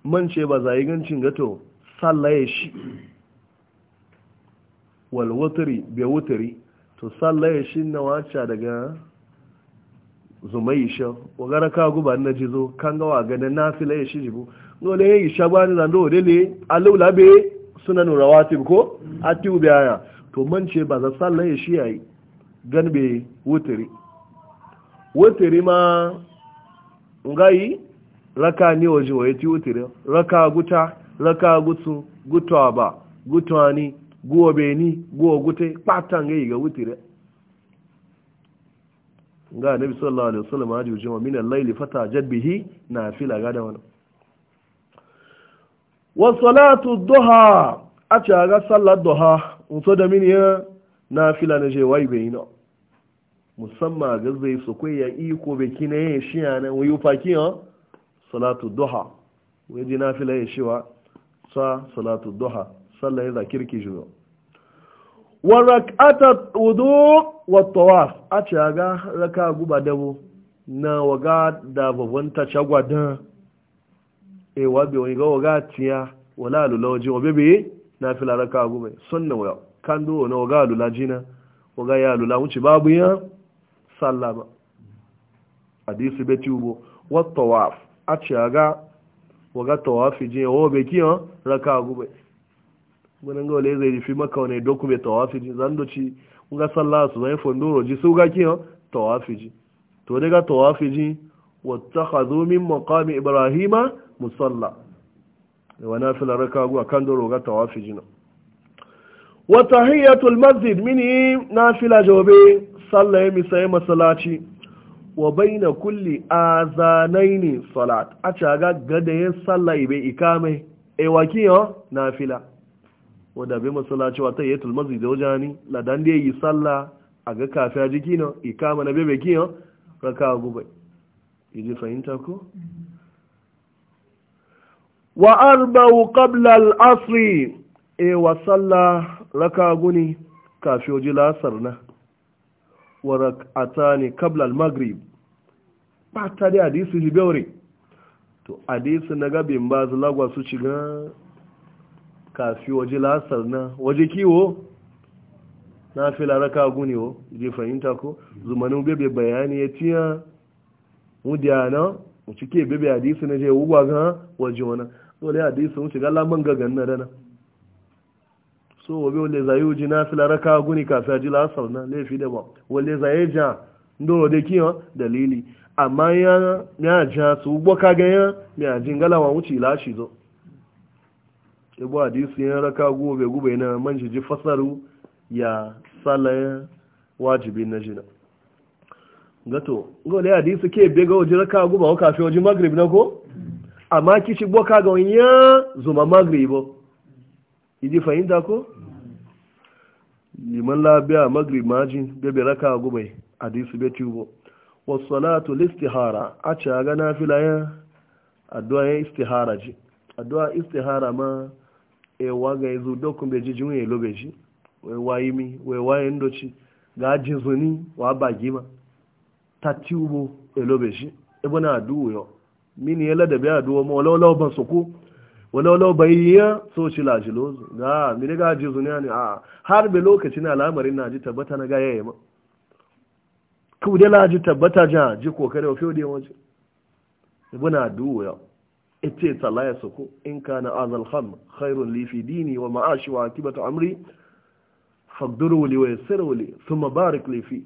man ce ba zai gancin gato sallaye shi walwutari bai wutari to sallaye shi na wacce daga zumai isha wagara ka guba na jizo kan gawa ganin na filaye shi jibu nole ya isha ba ni zando dele alula be suna nura watib ko atiwu biya to mance ba za sallaye shi yayi gan be wutari wutari ma ngai raka ni waje wa ti wutari raka guta raka gutsu gutuwa ba gutuwa ni guwa beni guwa gute patan ga ga wutire ga nabi sallallahu alaihi wasallam haji juma min al-layl fata jadbihi nafila ga da wannan wa salatu duha a ci ga sallar duha so da min ya nafila na je wai bai no musamman ga zai su kai ya iko be kina yin shi yana wayu fakiyo salatu duha wai ji nafila ya shiwa sa salatu duha sallah za kirki shi wa rak'ata wudu wa tawaf a ce ga raka guba dabo na waga da babban ta cagwa da e wa bi wani ga waga tiya wala lulaji wa bebe na fila raka guba sunna wa kando do na waga lulaji na waga ya lula wuce babu ya sallah ba hadisi beti ubo wa tawaf a ce ga waga tawafi je wo oh, be kiyo raka gube gunan ga zai rufi maka wani doku mai tawafi je zan doci nga sallah su zai fondoro ji su ga kiyo tawafi je to daga tawafi ji wattakhadhu min maqami ibrahima musalla wa nafila raka kan akan doro ga tawafi ji na wa tahiyatul masjid mini nafila jobe sallah mi sai masallaci wa baina kulli azanaini salat a caga gada ya sallah ibe ikame e waki yo nafila Wanda bai masallaci wata ya tulmazi da wajani ladan da ya yi sallah a ga kafi a jiki no ikama na bebe kiyo raka gubai iji fahimta ko wa arba'u qabla al-asr e wa sallah raka guni kafi oji lasar na warak atani qabla al-maghrib ba ta da hadisi ji to hadisi na gabin ba su lagwa su shiga kafi waje lasar na waje kiwo na fi laraka guni wo je fahimta ko zumanin bebe bayani ya tiya mudiyana mu cike bebe hadisi na je wugwa ga waje wana dole hadisi mu shiga laman gagan na dana so wabe wale zayi uji na fila raka guni kasa ji lasar na laifi da ba wale zayi ja ndo da kiyo dalili amma ya ya ja su ugbo ka ga ya ya jingala wa wuce shi zo ibu hadisi ya raka gobe gube na manji ji fasaru ya salaya wajibi na jina gato gole hadisi ke bega wajen raka guba wa kafe waje magrib na ko amma kishi boka ga ya zuma magribo idi fahimta ko liman labiya magrib majin bebe raka gubai hadisu be tubo wasalatu listihara a ci a gana filayen addu'a ya istihara ji addu'a istihara ma ewa ga izu dokun beji jin ya lobe ji wai wayi mi wai waye ndoci ga ajin zuni wa bagi ma ta tubo elobe ji ebe na addu'o yo mini yalada da biya addu'o ma wala wala ban soko walau bayyana so shi lajilo ga mire ga ji zuniya ne a har be lokaci na lamarin na ji tabbata na ga yayi ma ku da ji tabbata ja ji kokare wa fiye waje ibuna duwa ite tsalla ya soko in kana azal kham khairun li fi dini wa ma'ashi wa akibatu amri faqduru li wa yassiru li thumma barik li fi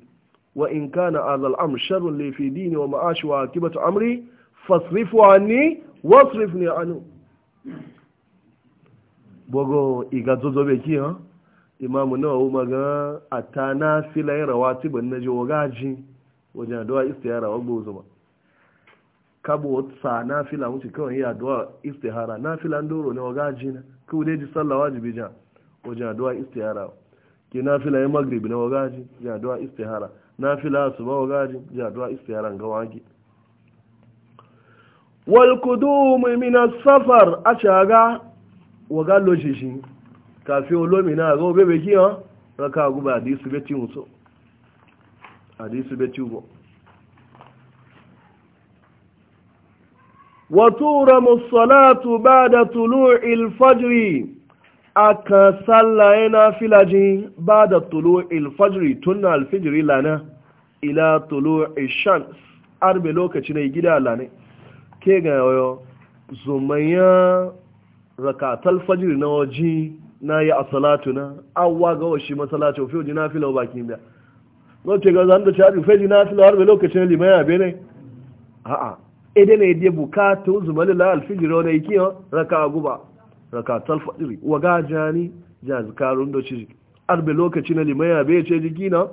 wa in kana azal amr sharun li fi dini wa ma'ashi wa akibatu amri fasrifu anni wasrifni anhu bogo iga zozo be imamu han imamu nawawi maga atta na filayen rawati ji naji wagaji wajen aduwa istihara wa gbozo ba kabo sa na fila mutu kawai ya addu'a istihara na fila ndoro ne wagaji na kawo dai ji sallah wajibi jan wajen aduwa istihara ki na ya yin magrib na wagaji ji aduwa istihara na fila su ba wagaji ji istihara ga wagi walkudumi mina safar a shaga waga lojiji kafin olomina ga obe beki ya raka guba a disu beti mutu a disu beti ugo watura musalatu ba da tulu ilfajiri a kan tsallaye na filajin ba da tulu ilfajiri tun na alfijiri lana ila tulu ishan arbe lokaci na gida lana ke ga yayo zumaya rakatal fajr na waji na yi a salatu na awwa ga washi masalatu fi waji nafila bakin da lokaci ga zan da tabi faji nafila har lokacin limaya bene a ede ne dai bukatu zumali la alfijr wa ne kiyo raka guba rakatal fajr wa ga jani jazkarun do ci arbe lokacin na limaya be ce jiki na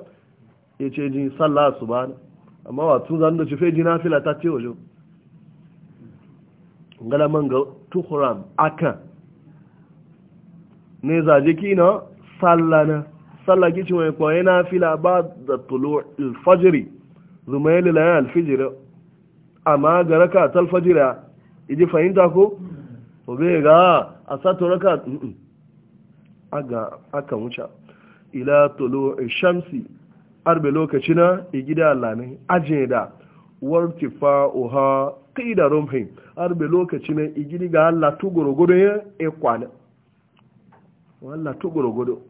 ya ce ji sallah subhana amma wa tun zan da ci jina nafila ta ce wajo galaman ga tuhuran aka ne zaje kina sallana sallah ki mai ko na fila ba da tulu alfajiri zumayli la al-fajr amma ga al-fajr idi fahimta ko obe ga asatu rakat aga aka wuce ila tulu shamsi arbe lokacina igida lanin ne ajeda wartifa uha qida rumhi bai lokaci ne igini ga Allah tu gorogodo ya e kwana walla tu gorogodo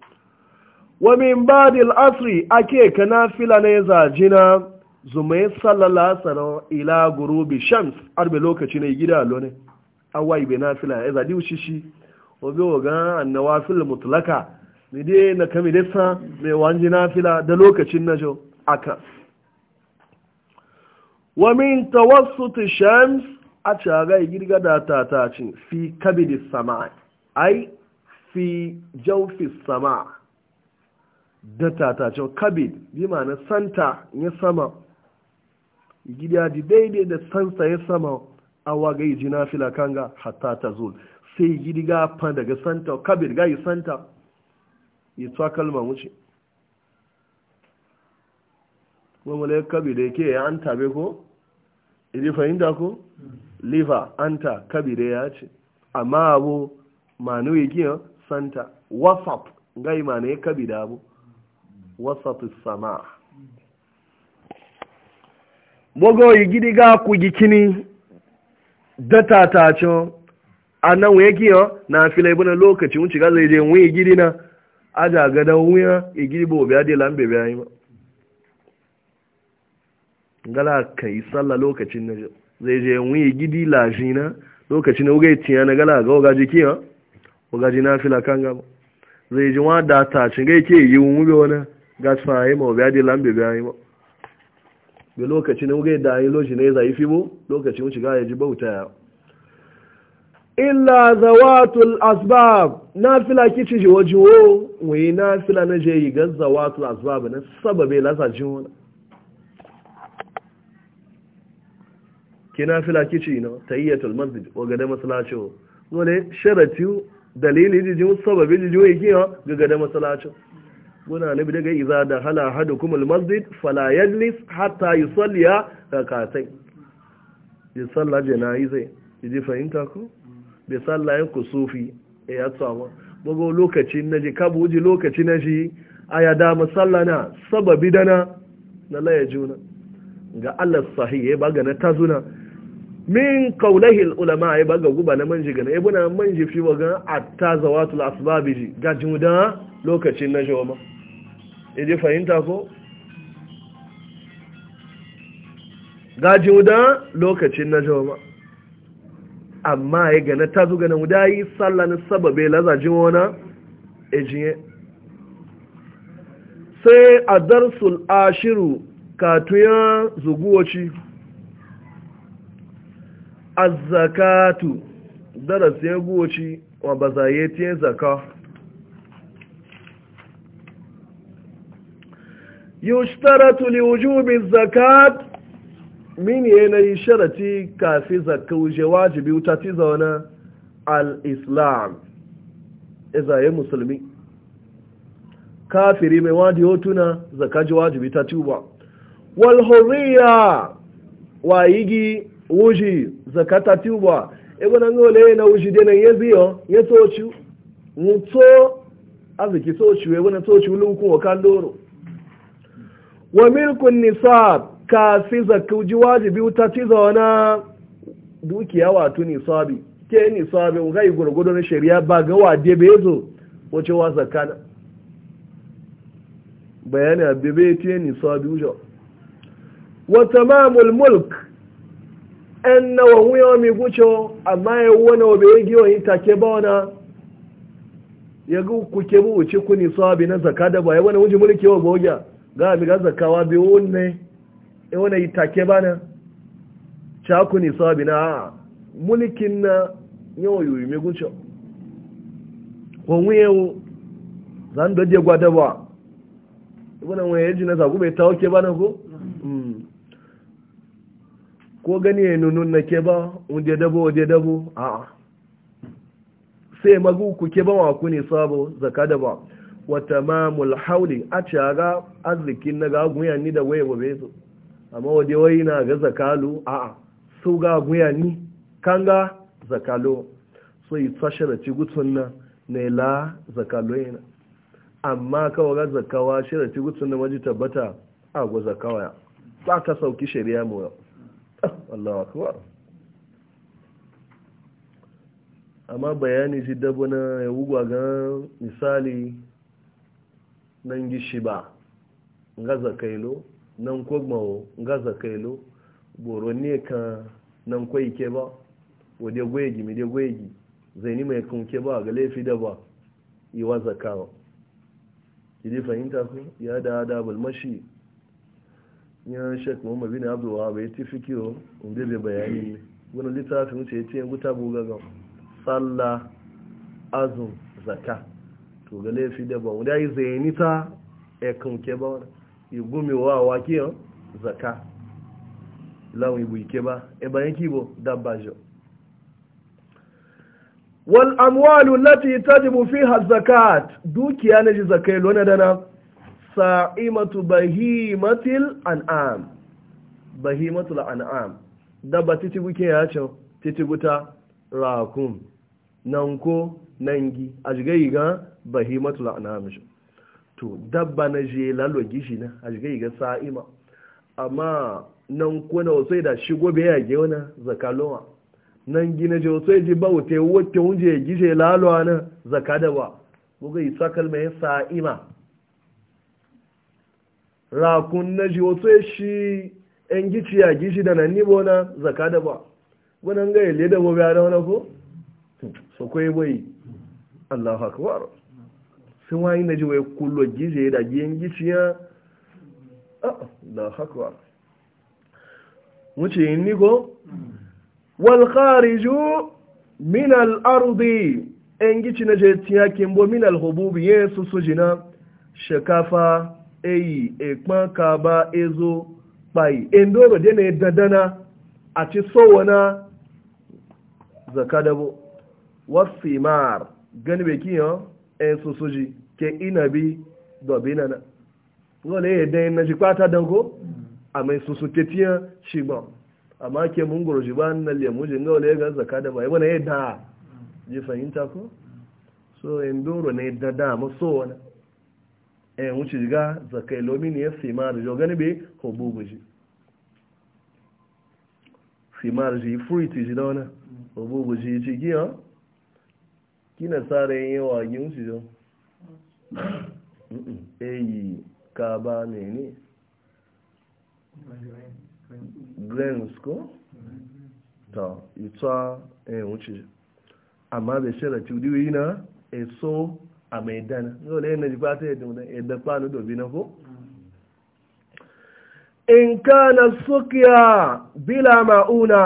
wa min ba'd al-asri ake kana fila ne za jina zumai sallala sara ila gurubi shams bai lokaci ne igida lo ne awai be na fila ya zadi ushishi obi oga annawafil mutlaka ni dai na kami mai wanji na fila da lokacin najo aka wa min tawassuti shams a caga ya girga da tatacin fi kabidi sama ai fi jaufi sama da tatacin kabid bi ma'ana santa ya sama gida di daidai da santa ya sama a wagai jina filakanga hatta ta zul sai girga fan daga santa kabid ga yi santa yi tsa kalma wuce mamale kabid da ke ya an tabe ko idi fahimta ko liver anta kabire ya ce amma abu manu igiya eh, santa whatsapp ngai mana ya kabida abu whatsapp sama bogo igidi ga ku gikini data ta cho anan we giyo eh, na fila na lokaci mun ci ga zai je mun igidi na aja ga da wuya eh, igidi bo biya de lambe biya yi ngala kai sallah lokacin na zai je wuyi gidi lashi na lokacin na ugai tiya na gala ga ogaji kiya ogaji na fila kan gaba zai ji wa da ta cin gai ke yi wun wube wani gasfa yi ma obiya di lambe biya yi ma bi lokacin na ugai da yi loshi ne zai fi bu lokacin wuce ga ya ji bauta ya illa zawatul asbab na fila kici ji wo wuyi na fila na je yi ga zawatul asbab na sababe lasa jin wani ki nafila kici no tayyatul masjid wa gada masallaci wale sharatu dalili jin sababi jijin yake ha ga gada masallaci guna nabi daga iza da hala hadukum al masjid fala yajlis hatta yusalliya rakatain ji sallah janaize ji fahimta ko bi sallah ku sufi e ya tsawa bugo lokaci na ji kabu ji lokaci na ji aya da masallana sababi dana na laye juna ga Allah sahiye ba ga na tazuna min kaulahi ulama ya baga guba na manji gana ya buna manji fi a ta zawatul asbabi ji ga juda lokacin na shawama ji fahimta ko ga juda lokacin na shawama amma ya gana ta zuga na yi sallanin sababe laza jimona jiye sai a darsul ashiru katuyan zuguwaci azzakatu darasi ya goci wa ba za yi zaka yushtaratu li wujubi zakat min yanayi sharati kafi zakka wuje wajibi wutati zauna al-islam izaye musulmi kafiri mai wadi hotuna zakaji wajibi ta tuba wal hurriya wayigi wuji zakata tiubwa na ngole na ujidena yeziyo yetochu mutso aziki sochu ebona sochu ulunku wakandoro wa milku nisab kasi zakuji wajibi utatiza wana duki ya watu nisabi ke nisabi yi gorogodo na sheria baga wa debezo wace wa zakana bayani abebe tiye nisabi ujo wa tamamul mulk en na wa huyo mi gucho amma ya wona wa bai giwa yi take ba wana ya gu ku ke mu uci ku ni sabi na zakka da ba ya wona wuji mulki wa boga ga mi ga wa bi wonne e wona yi take ba na cha ku ni sabi na mulkin na yo yu mi gucho ko wuya zan da je gwada ba wona wuya ji na zaku bai tawo ke ba na ko ko gani ya nunun na ke ba wunde dabo wunde dabo a sai magu ku ke ba wa ku ne sabo zaka da ba wata ma mulhauli a ga arzikin na ga guya ni da waye ba bai so amma wadda wai na ga zakalu a a su ga guya ni kan ga zakalo so yi tsashara ci gutsun na na la zakalo yana amma kawo ga zakawa shirar ci gutsun na maji tabbata a gwa zakawa ya ba ka sauki shari'a mu yau Allah akbar amma bayani shi dabu na ya wugwa ga misali nan gishi ba gaza kailo nan kogmawo nga kailo boro ne ka nan kwai ke ba wade gwegi mi de zai zaini mai kunke ba ga laifi da ba yi wa zakawa ki fahimta ku ya da adabul mashi ya shek muhammad bin abdul wahab ya tifi kiwo inda bai bayani ne wani littafin wuce ya ce yin guta buga ga tsalla azum zaka to ga laifi da ba wanda yi zayani ta ya kanke ba wani yi wa wa kiyan zaka lawon ibu ike ba e bayan kibo dabba jo wal amwalu lati tajibu fiha zakat dukiya na ji zakai lona dana sa'imatu bahimatil an'am bahimatul an'am dabba titigu ke ya ce titiguta rakun nan ko nangi a jigayi ga bahimatul an'am to dabba na je lalogi gishi na a jigayi ga sa'ima amma nan ko na wasai da shigo bai yage wani zakalowa nan gina je wasai ji bauta wata wunje ya gishe lalowa na zakadawa yi sakal mai sa'ima rakun na ji wato shi ‘yan gici ya gishi da nan nibo na zaka da ba Wani an gaya leda bobe a wani ko so kwaye bai allahu akbar sun wani na ji wai kullo gishi da giyan gici ya ah, allahu akbar wuce yin niko wal khariju min al ardi ‘yan gici na je tiyakin bo min al hububi yesu su jina shakafa eyi ekpan ba ezo kpai endoro de ne dandana a ci na zaka dabo wasimar gani be kiyan e sosoji ke inabi dobina na ngole le den na ji kwata dango ama soso ketiyan shigbo amma ke mun ji ba na lemu ji le ga zaka e bona e da ji fahimta ko so endoro ne da mo so na. e eh, wuce jiga zakai lomini ya simar jo gani be hobo buji simar ji fruit ji da wani hobo buji ji giya eyi ka ba ne ne grains ko ta ita e eh, wuce amma da sharafi diwi na eso a mai dana dole yana ji fata yadda mutum yadda dobi na ko in kana sukiya bila ma'una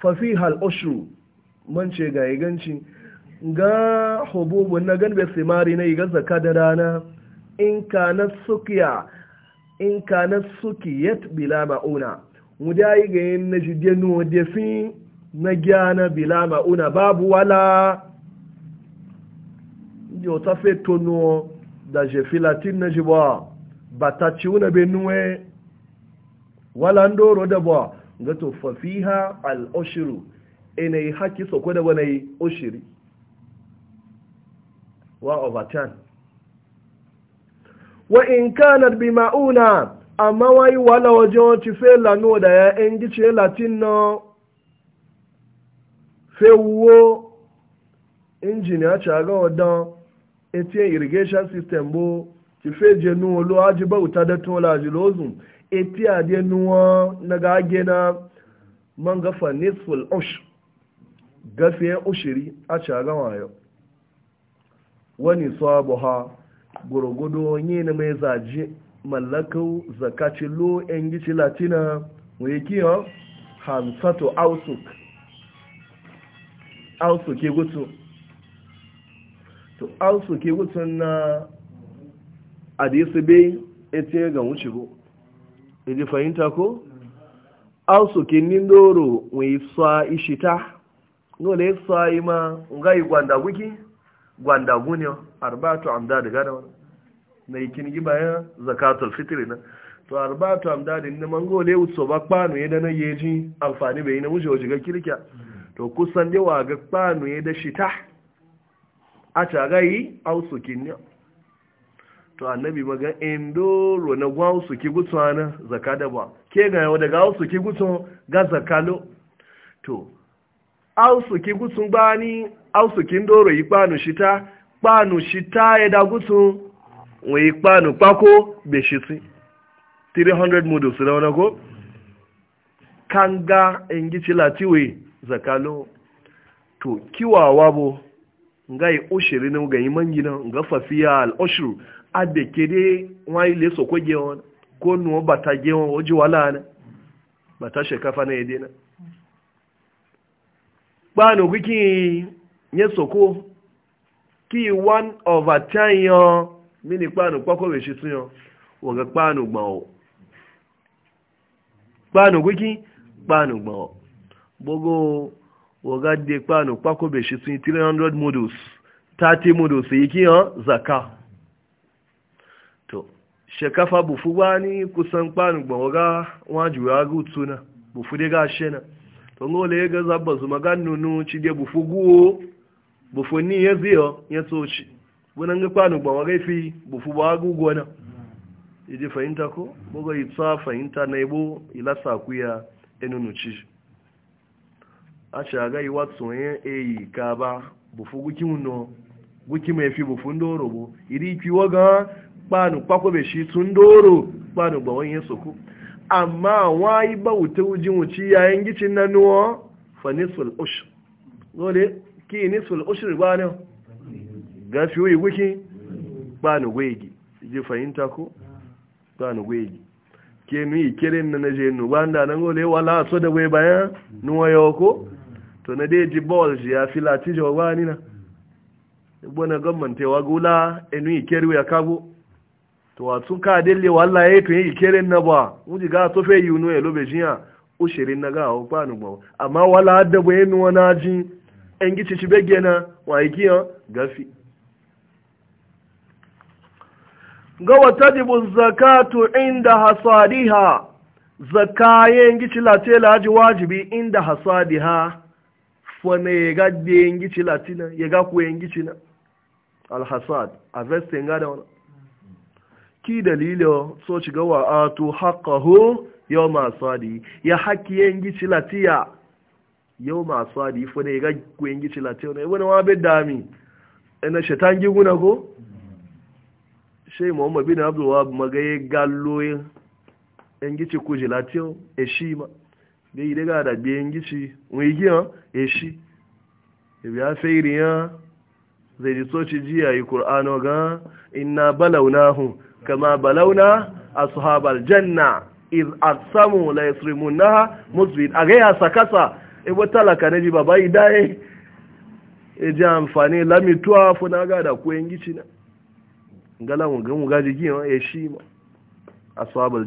fafi hal'ushu man ce ga ganci ga hububu na ganbe simari na igar zaka da rana in kana sukiya in kana sukiyat bila ma'una mu yi ga yin na jide nuwa da fi na gyana bila ma'una babu wala yau ta fe tono da je filatin na ji ba ba ta ci wuna benuwe wala ndoro da ba ga to fafiha al-ushiru ina yi haki soko da wani ushiri wa overturn wa in kanat bi ma'una amma wai wala wajen ci fe lanu da ya en gice latin no fe wo injini a caga etie irrigation system bo ti feje nu wọn aji ba bauta da to la ji lozun eti ade nu na ga na manga fa nisful ush gafe ushiri a cha ga gama wani sabu ha gurgudu yi na mai zaji mallakau zakati lo yan gici latina ki kiyon hamsato ausuk ausuk ke gutu to an suke ke na adisu bai ete ga wuce ko iji e fahimta ko an suke nindoro mai sa ishita ya sa yi ma nga yi gwanda guki gwanda arbatu amda da gada wani na ikin giba ya zakatul fitri na to arbatu amda da ni mangole wutso ba kpanu ya dana na yeji amfani bai na wuce wajen ga kirkiya to kusan yawa ga kpanu ya da shita a yi ausukin ne to annabi maga indoro na gwa ausuki gutsuwa na zaka da ba ke ga daga ausuki gutsun ga zakalo to ausuki gutsun bani ausukin doro yi kpanu shita kpanu shita ya da gutsun wai kpanu kpako shitsi. 300 mudu su da wani ko kanga ingici tiwe zakalo to kiwawa wabo. ngai ushiri na ga yiman gina ga fafiya al ushru adde kede wai le so koje on ko no bata je on oji wala na bata she kafa na yedena bano kiki nye soko ki one of a ten yon mini pano kwako be shi tun yon wo ga pano gbon o pano kiki pano waga de kpanu kpako be shi sun 300 modus 30 modus yi kiyan zaka to shekafa bufu bani kusan kpanu gba waga waju utuna bufu de ga shena to ngole ga zabba zuma ga nunu ci bufu guo bufu ni ya ziyo ya tsoci bunan kpanu gba waga fi bufu ba gugo na idi fahimta ko boga itsa fahimta na ibo e ila sakuya enunu ci a shaga yi watsu eyi ka ba bufu guki uno guki mai fi bufu ndoro bu iri kiwo ga kpanu kwakwabe shi tun doro kpanu gbawon yin soko amma wa yi ba wuta wujin wuci yayin gicin na nuwa fa N'ole ushir dole ki nisul ushir ba ne ga fi wuyi guki kpanu gwegi ji fahimta ko kpanu gwegi ke nuyi kirin na na je nu ba wala so da gwe nuwa yau ko to na dai ji ball ji ya fila ti jawaba ba ni na bona gomman te wagula enu ikeru ya kabo to tun ka dele walla e to ikeren na ba ji ga to fe yi yunu e lobe jiya o shirin na ga o panu gbo amma wala hadda bo enu wana ji en gi ci bege na wa igiya gafi ga watajibu zakatu inda hasadiha zakayen gici tela ji wajibi inda hasadiha fone ya ga yengi ci latina ya ga ku ci na alhassad a vestin ga da wani ki dalilo so ci ga wa'atu haqqahu yawma sadi ya haki yengi ci latiya yawma sadi fone ya ga ku yengi ci latiya ne wani wa be dami ina shaitan giguna ko sai muhammad bin abdul wahab magaye galloyin yengi ci kujilatiyo e shima da yi daga da biyan gici wani giyan ya e shi ya e fayiri zai ji soci jiya yi ƙur'ano ga iná balauna hun kama balauna a suhabar janna iz aksamu la yasrimun naha musbid a gaya sakasa ibo e talaka na ji baba idaye e ji amfani lamituwa funa náà da kuyen gici na ngala mu ga mu gaji ya shi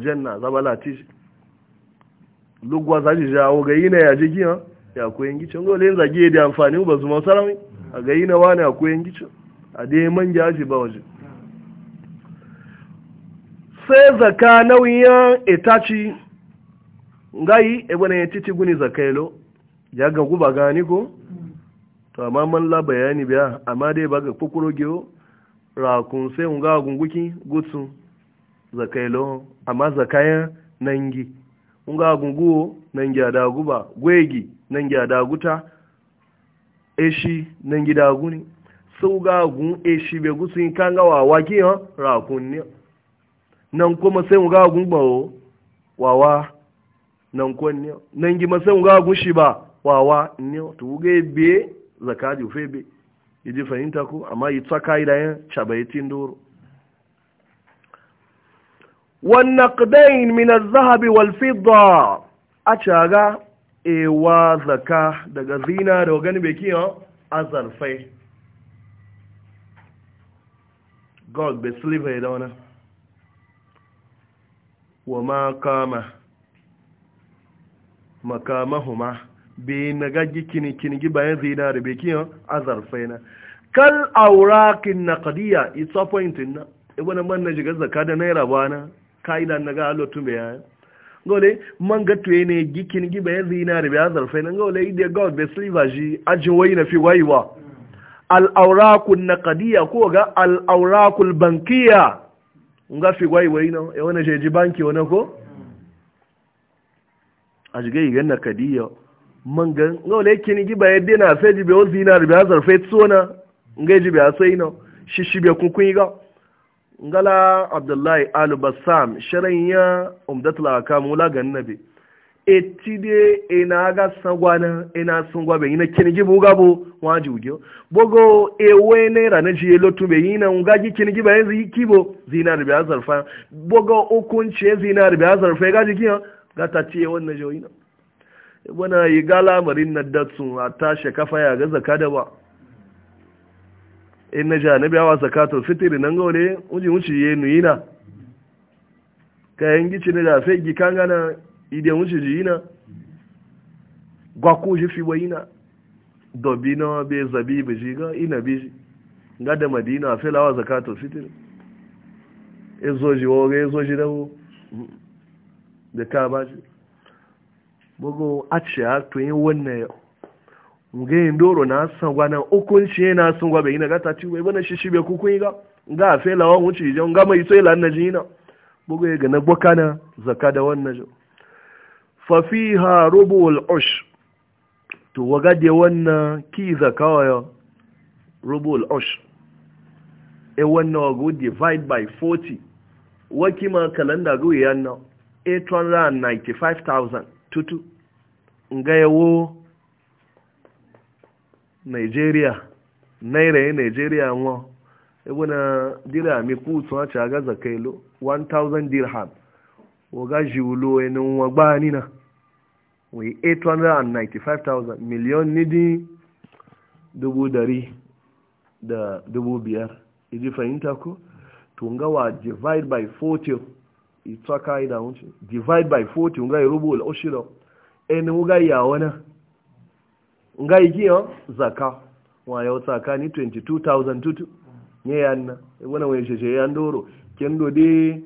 janna lugwa za ji jawo ga yi na ya ji giya ya koyi gicin dole yin zage da amfani ba su masarami a ga yi na wani a koyi gicin a dai man ji ba waje sai zaka nauyin itaci ngayi e na ya titi guni zaka zakailo ya ga guba gani ko to amma man la bayani biya amma dai ba ga kokoro geo rakun sai nga gunguki gutsu zakailo amma zakayan nangi nga gunguwo nangi gyada gwegi nangi gyada eshi nangi gida guni sau ga gun eshi bai kanga yin kan gawa waki ha rakun ne nan kuma sai mu ga gun wawa nan kon ne nan gi masai mu gun shi ba wawa ne to ga be zakati fe be yaji fahimta ko amma yi tsaka idan eh, chabai tin والنقدين من الذهب والفضة أشاغا إيوا زكاة دقا زينا روغاني بكيو أزرفي gold bai silver ya dauna wa makama makamahuma bai na gaggi kini-kini bayan zinari bai kiyan azarfaina kal aurakin na kadiya it's a point na ibi man na jigar zaka da naira bana kaida na ga alo tumbe ya ngole man ga tuye ne gikin giba ya zina da ya zarfe nan ngole ide god be sliva ji ajin wayi na fi wayiwa al awraqun naqdiya ko ga al awraqul bankiya nga fi wayi wayi na e wona je ji banki wona ko ajige ga naqdiya man ga ngole kini giba ya e dena sai ji be o zina da ya tsona ngai ji be asai na shishi be kun kun ga ngala abdullahi al-bassam shirin ya umdatul akam mula ga nabi eti de ina ga sangwana ina sangwa be ina kinigi buga bo waji ugyo bogo ewe ne rana ji yelo be ina ungaji kinigi ba yanzu kibo zinar bi azarfa bogo ukunce zinar bi azarfa gaji kiyo gata ci wannan joyina bana yi gala marin nadatsu a tashe kafa ya ga zakada ba in na ja na biyawa zakatun fitiri nan gaule uji wuci ye nuyina kayan gici na da fegi kan gana idan wuce ji na gwako ji fi wayina dobi na be zabi bi ji ga ina bi ga da madina filawa zakatun fitiri ezo ji wo ga ezo ji dawo da ta ba ji bugu a ce a to yin wannan nge ndoro na sangwa na okunci na sangwa bai na gata tiwe bai bana shishi bai kukun ga ga fe lawan wuce jan mai sai na jina bugu ga na bokana zaka da wannan jo fa fiha rubul ush to wagade wannan ki zaka wa rubul ush e wannan wago divide by 40 waki ma kalanda go yanna 895000 tutu yawo nigeria naira ya nigeria nwa ebe na dirham ikwu utu ha aga zaka elu 1000 dirham oga ji ulo eni nwa gbaa nina we 895,000 miliyon nidi dubu dari da dubu biyar iji fahimta ko nga wa divide by 40 ita ka'ida wuce divide by 40 nga yi rubu al'ushiro eni wuga yawona nga ikiyo zaka wayo tsakani 22000 tutu, ne yanna wani wani jeje ya ndoro kendo de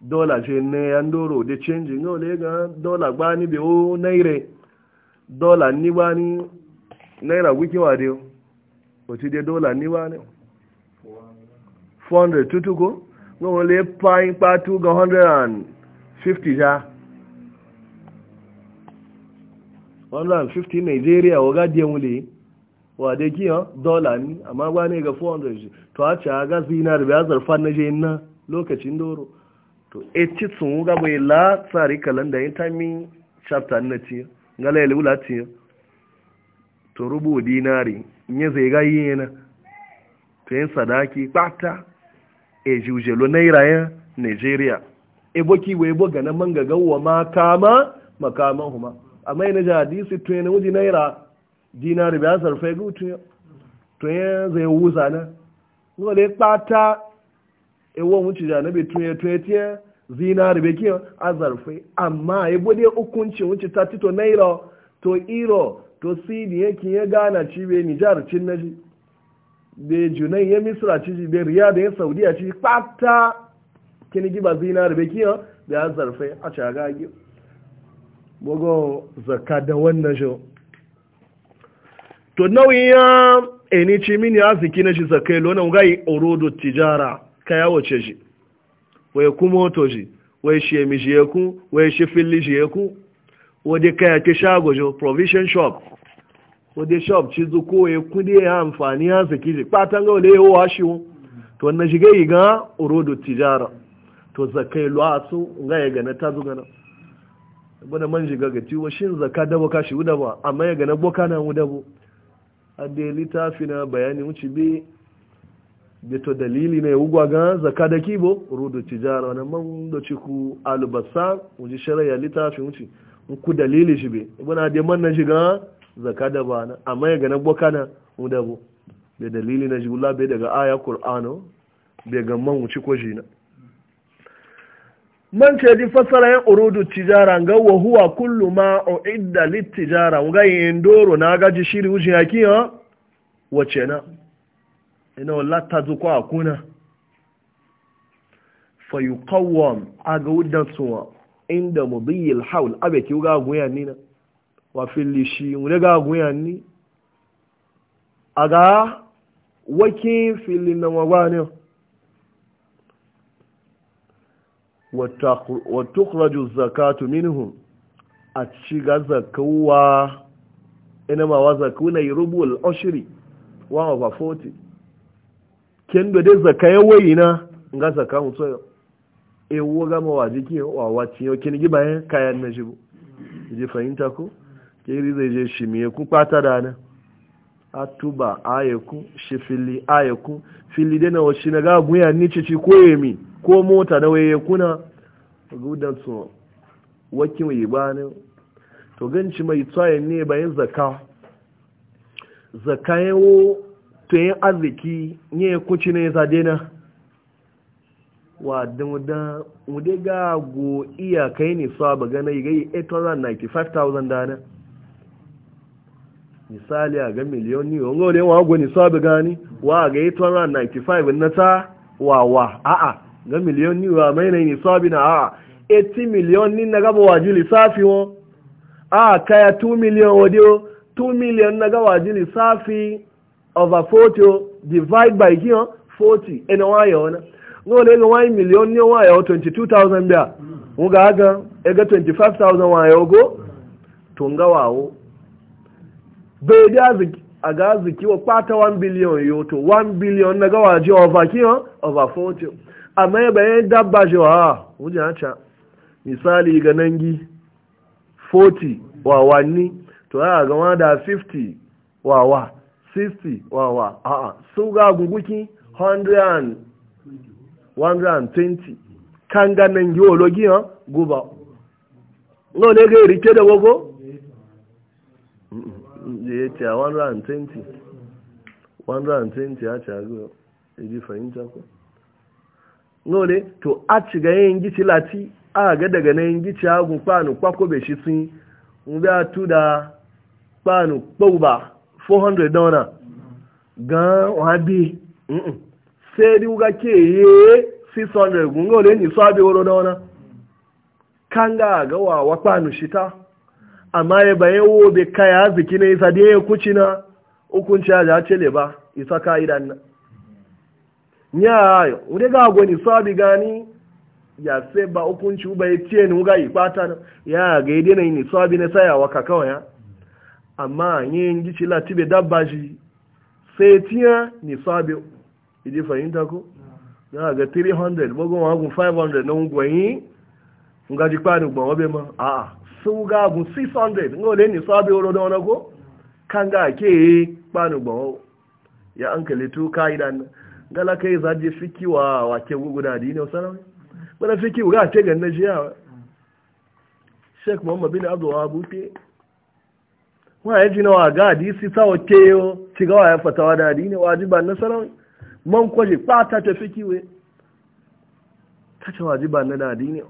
dola ce ne ya ndoro de change nga ole ga dola gbani be o naire dola ni gbani naira wiki wa de o ti de dola ni gbani 400 tutuko nga ole pa in pa 250 ja 150 nigeria wa gadiya wule wa da kiya dola ni amma ba ne ga 400 to a ce a ga zinar biya zarfa na je na lokacin doro to a ci sun wuga bai la tsari kalanda yin tami chapter na ci ngala ile wula ci to rubu dinari nye zai ga yi yana to yin sadaki kpata e jiujelo naira ya nigeria ebo boki ebo boga na manga gawa makama makaman huma amma yana ji hadisi tuni na wuji naira dinari biya sarfai gutu tuni yana zai wusa na ya kpata ewon wuce da na tuni ya tuye tiye zinari biya kiyan a zarfai amma ya bude hukunci wuce ta tito naira to iro to ya kin ya gana ci bai nijar cin na ji bai junai ya misra ci ji bai riya da ya saudiya ci kpata kini giba zinari da kiyan zarfe a zarfai a cagagi bugo zaka da wannan shi to nauyin ya eni eh, ci mini arziki na shi zaka yi lona yi orodo tijara kaya wace shi wai kuma wato shi wai shi emi shi yaku wai shi fili shi yaku wadda ka yake shago shi provision shop wadda shop ci zuko ya kudi ya amfani ya zaki shi patan ga wale yawa shi wu to wannan shiga yi ga orodo tijara to yi lo asu su ga na ta na bana man shiga ga ciwo shin zaka da kashi, shi wuda ba amma ya gana boka na wuda bu a da littafi na bayani wuce bi da to dalili ne wugwa ga zaka da kibo rudu tijara na man da ku albasa wuce shari'a littafi wuce ku dalili shi bi bana da man na shiga zaka da ba na amma ya gana boka na wuda bu da dalili na shi wula bai daga aya qur'ano bai ga man wuce ko shi na man ce di fasara yan urudu tijara ga wa huwa kullu ma uidda lit tijara ga yendoro na gaji shiri ujin yaki ha wace na ina wala ta zuko akuna fa yuqawwam aga wudan suwa inda mudiyi alhawl abe ki ga goya ni na wa fili shi wure ga goya ni aga wakin filin na wagwani wa tukhraju zakatu minhum a shiga zakawa ina ma wa zakuna rubu al-ashri wa wa 40 kendo dai zakaya wayina nga zaka mutso e wo ga ma wajiki wa wati yo kin gi bayan kayan najibu je fahimta ko ke ri zai je shi me ku kwata dana atuba ayeku shi fili ayeku fili dena wa shi na ga guya ni cici koyemi ko mota na waye kuna gudan su wakin yi ba ne to ganci mai tsayin ne bayan zaka zaka yawo to yin arziki ne ya kuci ne zade dena wa dan wude ga go iya kai ne ba gana yi gai 895,000 dana misali a ga miliyon ni wani wa go sa ba gani wa ga 895 na ta wawa a'a Nga miliyon ni wa mai na nisabi na a 80 miliyon ni na gaba waji lissafi wo a kaya 2 miliyon wadio 2 miliyon na gaba waji over 40 divide by kiyo 40 ina waya wana ngo ga wani miliyon ni waya 22,000 bia nga aga ega 25,000 waya ogo tunga wawo bai da a ga 1 biliyon yoto 1 biliyon na gawaje over kiyo over 40 amma ya bayan dabba shi wa wujen haca misali ga nangi 40 wawanni to ya ga da 50 wawa 60 wawa a'a su ga guguki 120 kan ga nangi ologi ha guba no ne ga rike da gogo je ya ce 120 120 ya ce a ya ji fahimta ko nole to a ci yin gici lati a ga daga na yin gici agun kwanu kwako be shi sun a tu da kwanu kpauba 400 dona gan wa bi sai di wuga ke ye 600 gun nole ni so abi woro dona kanga ga wa wa kwanu shita amma ya bayan wo be kaya ziki ne isa da ya kuci na hukunci ya ce ba isa ka'idan nan nyayo urega gweni sabi gani ya seba ukunci uba ni uga ipata ya ga ide na ni sabi ne saya wakakawa ya amma yin gici latibe dabbaji sai tiya ni sabi idi fahimta ya ga 300 bogo wa 500 na ngwayi ngaji kwani gbawo be ma a a su ga 600 ngole ni sabi kanga ke kwani gbawo ya ankale tu kaidan gala kai za je fiki wa wake gugu da yi ne wasu rauni bada fiki ga ce gan na jiya sheik muhammad bin abdul wahabu ke wa ya ji nawa ga hadisi ta wake yo ci gawa ya wa da wa wajiban na sarauni man kwaje kwata ta fiki we ta ce ba na da adini.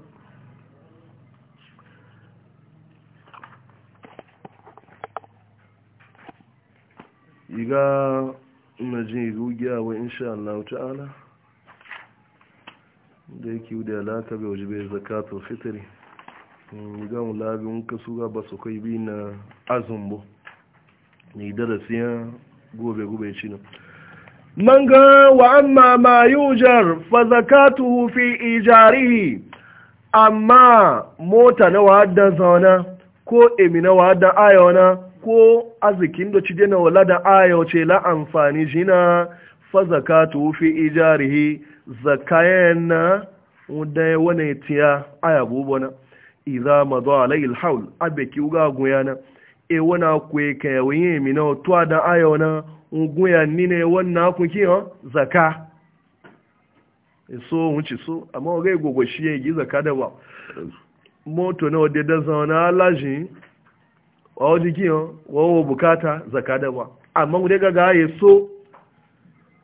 iga na jin rugiyawa insha Allah ta'ala da yake da alaka bai wajibe bai zakatul fitri mm, ga mu labin ka su ga ba su kai bi na azumbo ne siya gobe gobe shi ne man ga wa amma ma yujar fa zakatuhu fi ijarihi amma mota na wadan zauna ko emi na wadan ayona ko arzikin da ci dena wala da aya ce la amfani shi na fa zakatu fi ijarihi zakayana wanda wane tiya aya bubona idza madha alai alhawl abeki uga guyana e wana kwe mi na to da aya wana nguya nine wannan ku kiyo zaka e so ci so amma ga gogoshi shi ya yi zaka da ba moto na wadda da zauna lajin wa wajen giyan wawo bukata zaka amma mu daga ga ya so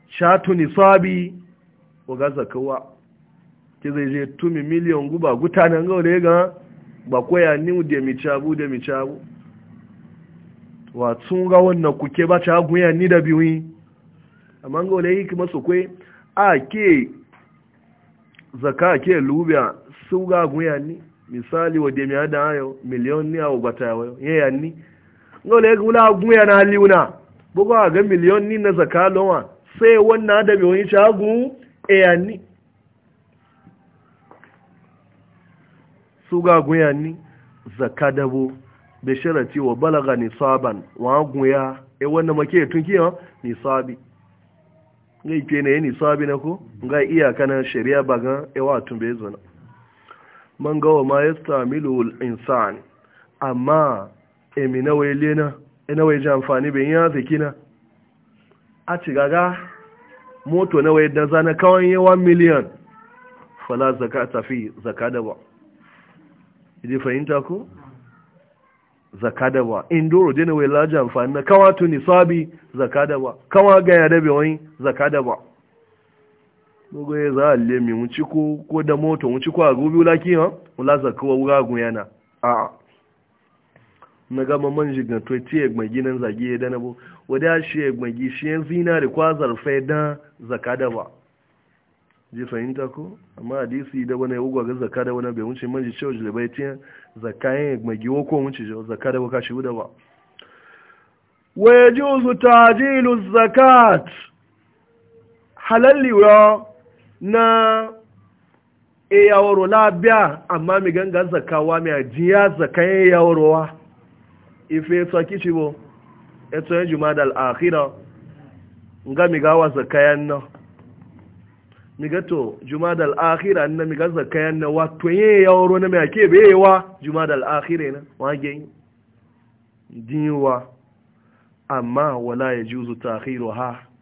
shatu sabi waga zakawa ke zai je tumi miliyan guba gutanen ga wale ga ba koya ni da mi cabu da mi cabu wa tun ga wannan kuke ba ta gunya ni da biwi amma ga wani yi kuma su kwe a ke zaka ke lubya su ga gunya ni misali wa demi ada ayo miliyon ni bata ayo ye yanni ngole gula gun ya na liuna bugo ga miliyon ni na zakalo wa sai wannan da mi wani shagu e yanni suga gun yanni zakadabo be sharati wa balaga nisaban wa gun ya e wannan make tun kiyo nisabi ngai ke ne nisabi na ko ngai iyaka na shari'a baga e wa tun be zona man gawa ma ya sami lul insan amma emi na wai lena ina e wai ji amfani bai yi arziki na a ci gaga moto na wai da zana kawai yi 1 miliyan fala zaka tafi zaka da ba idi fahimta ko zaka da ba in doro dina wai laji amfani na kawatu tuni sabi zaka da ba kawa gaya da bai zaka da ba mugu ya za a lemi wuci ko ko da moto wuci ko a gobe wulaki ha wula zaka wa wura gun yana a na gama man jigan to ti egma nan zagi ya dana bo wada shi ya gi shi yan zina da kwa zarfe da zaka da ba ji fahimta ko amma hadisi da wani ugwa ga zaka da wani bai wuce man ji cewa bai tiyan zaka yan egma gi ko wuce zaka da ba shi da ba ta تعجيل الزكاة حلال halalliwa na e yaworo labiya amma mi ganga zakawa mi ajiya zakan e wa? ife tsaki ci bo eto yin juma da al'akhira nga mi gawa zakayan na mi gato juma da al'akhira na mi ga zakayan na wato yin yaworo na mi ake bewa juma da al'akhira na wage diwa amma wala ya juzu takhiruha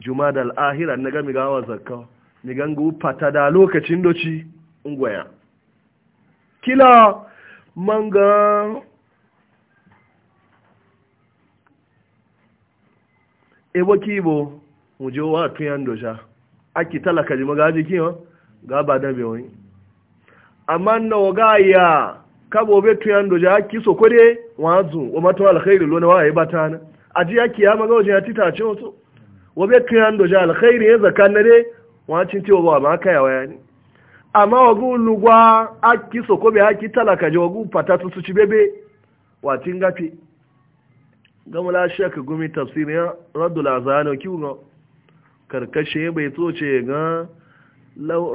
juma da al'ahira na gami gawa zarka ni ganga upata da lokacin doci ngwaya kila manga ewa kibo muje wa tuyan doja aki talaka ji magaji kiyo ga ba da bewoyi amma na waga ya kabo be tuyan doja aki sokode wazu o mato alkhairi lona wa yi batana aji aki ya magaji ya titace wasu wabe kai hando ja alkhairi ya kan nare wacin ce ba, ma kai waya ne amma wagu lugwa aki soko be haki talaka je wagu patatu su ci bebe watin gafi gamu la shaka gumi tafsiri ya radul azano kiwo karkashe bai so ce ga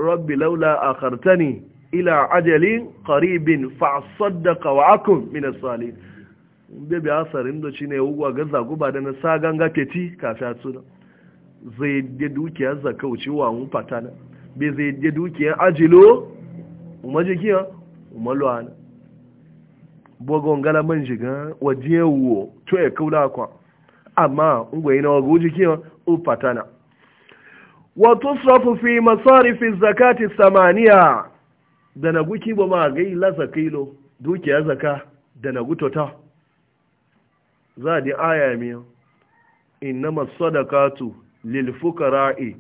rabbi laula a akhartani ila ajalin qaribin fa saddaqa wa akum min as-salihin bebe asarin do cine ugwa ga zaguba da na sagan gafeti kafi a zai da dukiyar zaka wucewa mu na. bai zai da dukiyar ajilo umajikiya umaluwa na bugon galaman shiga waje wo to ya kaula kwa amma ungwayi na wago jikiya ufatana wa tusrafu fi masarifi zakati samaniya da na guki ba ma gai lasa kilo dukiyar zaka da na gutota za a di aya miya innama sadakatu lil fuqara'i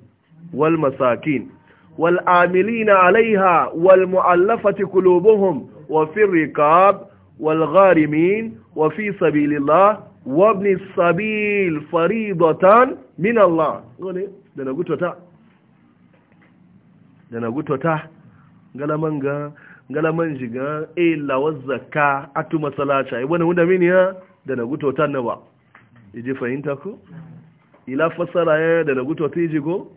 wal masakin wal amilina 'alayha wal mu'allafati qulubuhum wa fi riqab wal gharimin wa fi sabilillah min Allah ngone da na gutota da na gutota galaman ga galaman shiga e lawar zakka atu masalacha ibn hunda min da na na ba iji fahimta ila fasara ya da laguto tiji ko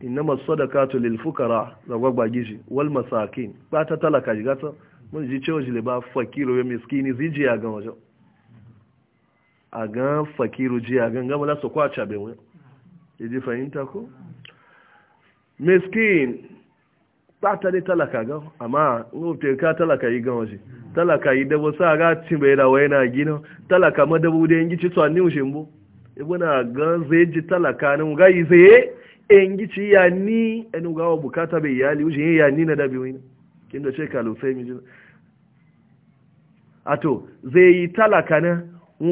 innama sadaqatu lil fukara da gwagwa gishi wal masakin ba ta talaka ji gata mun ji cewa jile ba fakiru ya miskini ziji ya gan wajo a gan fakiru ji a gan gama da su kwacha be wani yaji fahimta ko miskin ba ta ne talaka gan amma in ka talaka yi gan waje talaka yi dabo sa ga cin bai da wayna gina talaka madabu da yin gici tsanin an ni ibuna ga zai ji talaka nan ga yi zai en ci ya ni en ga wa bukata bai yali uje ya ni na dabi wani kin da sheka lu sai mi ji ato zai yi talaka na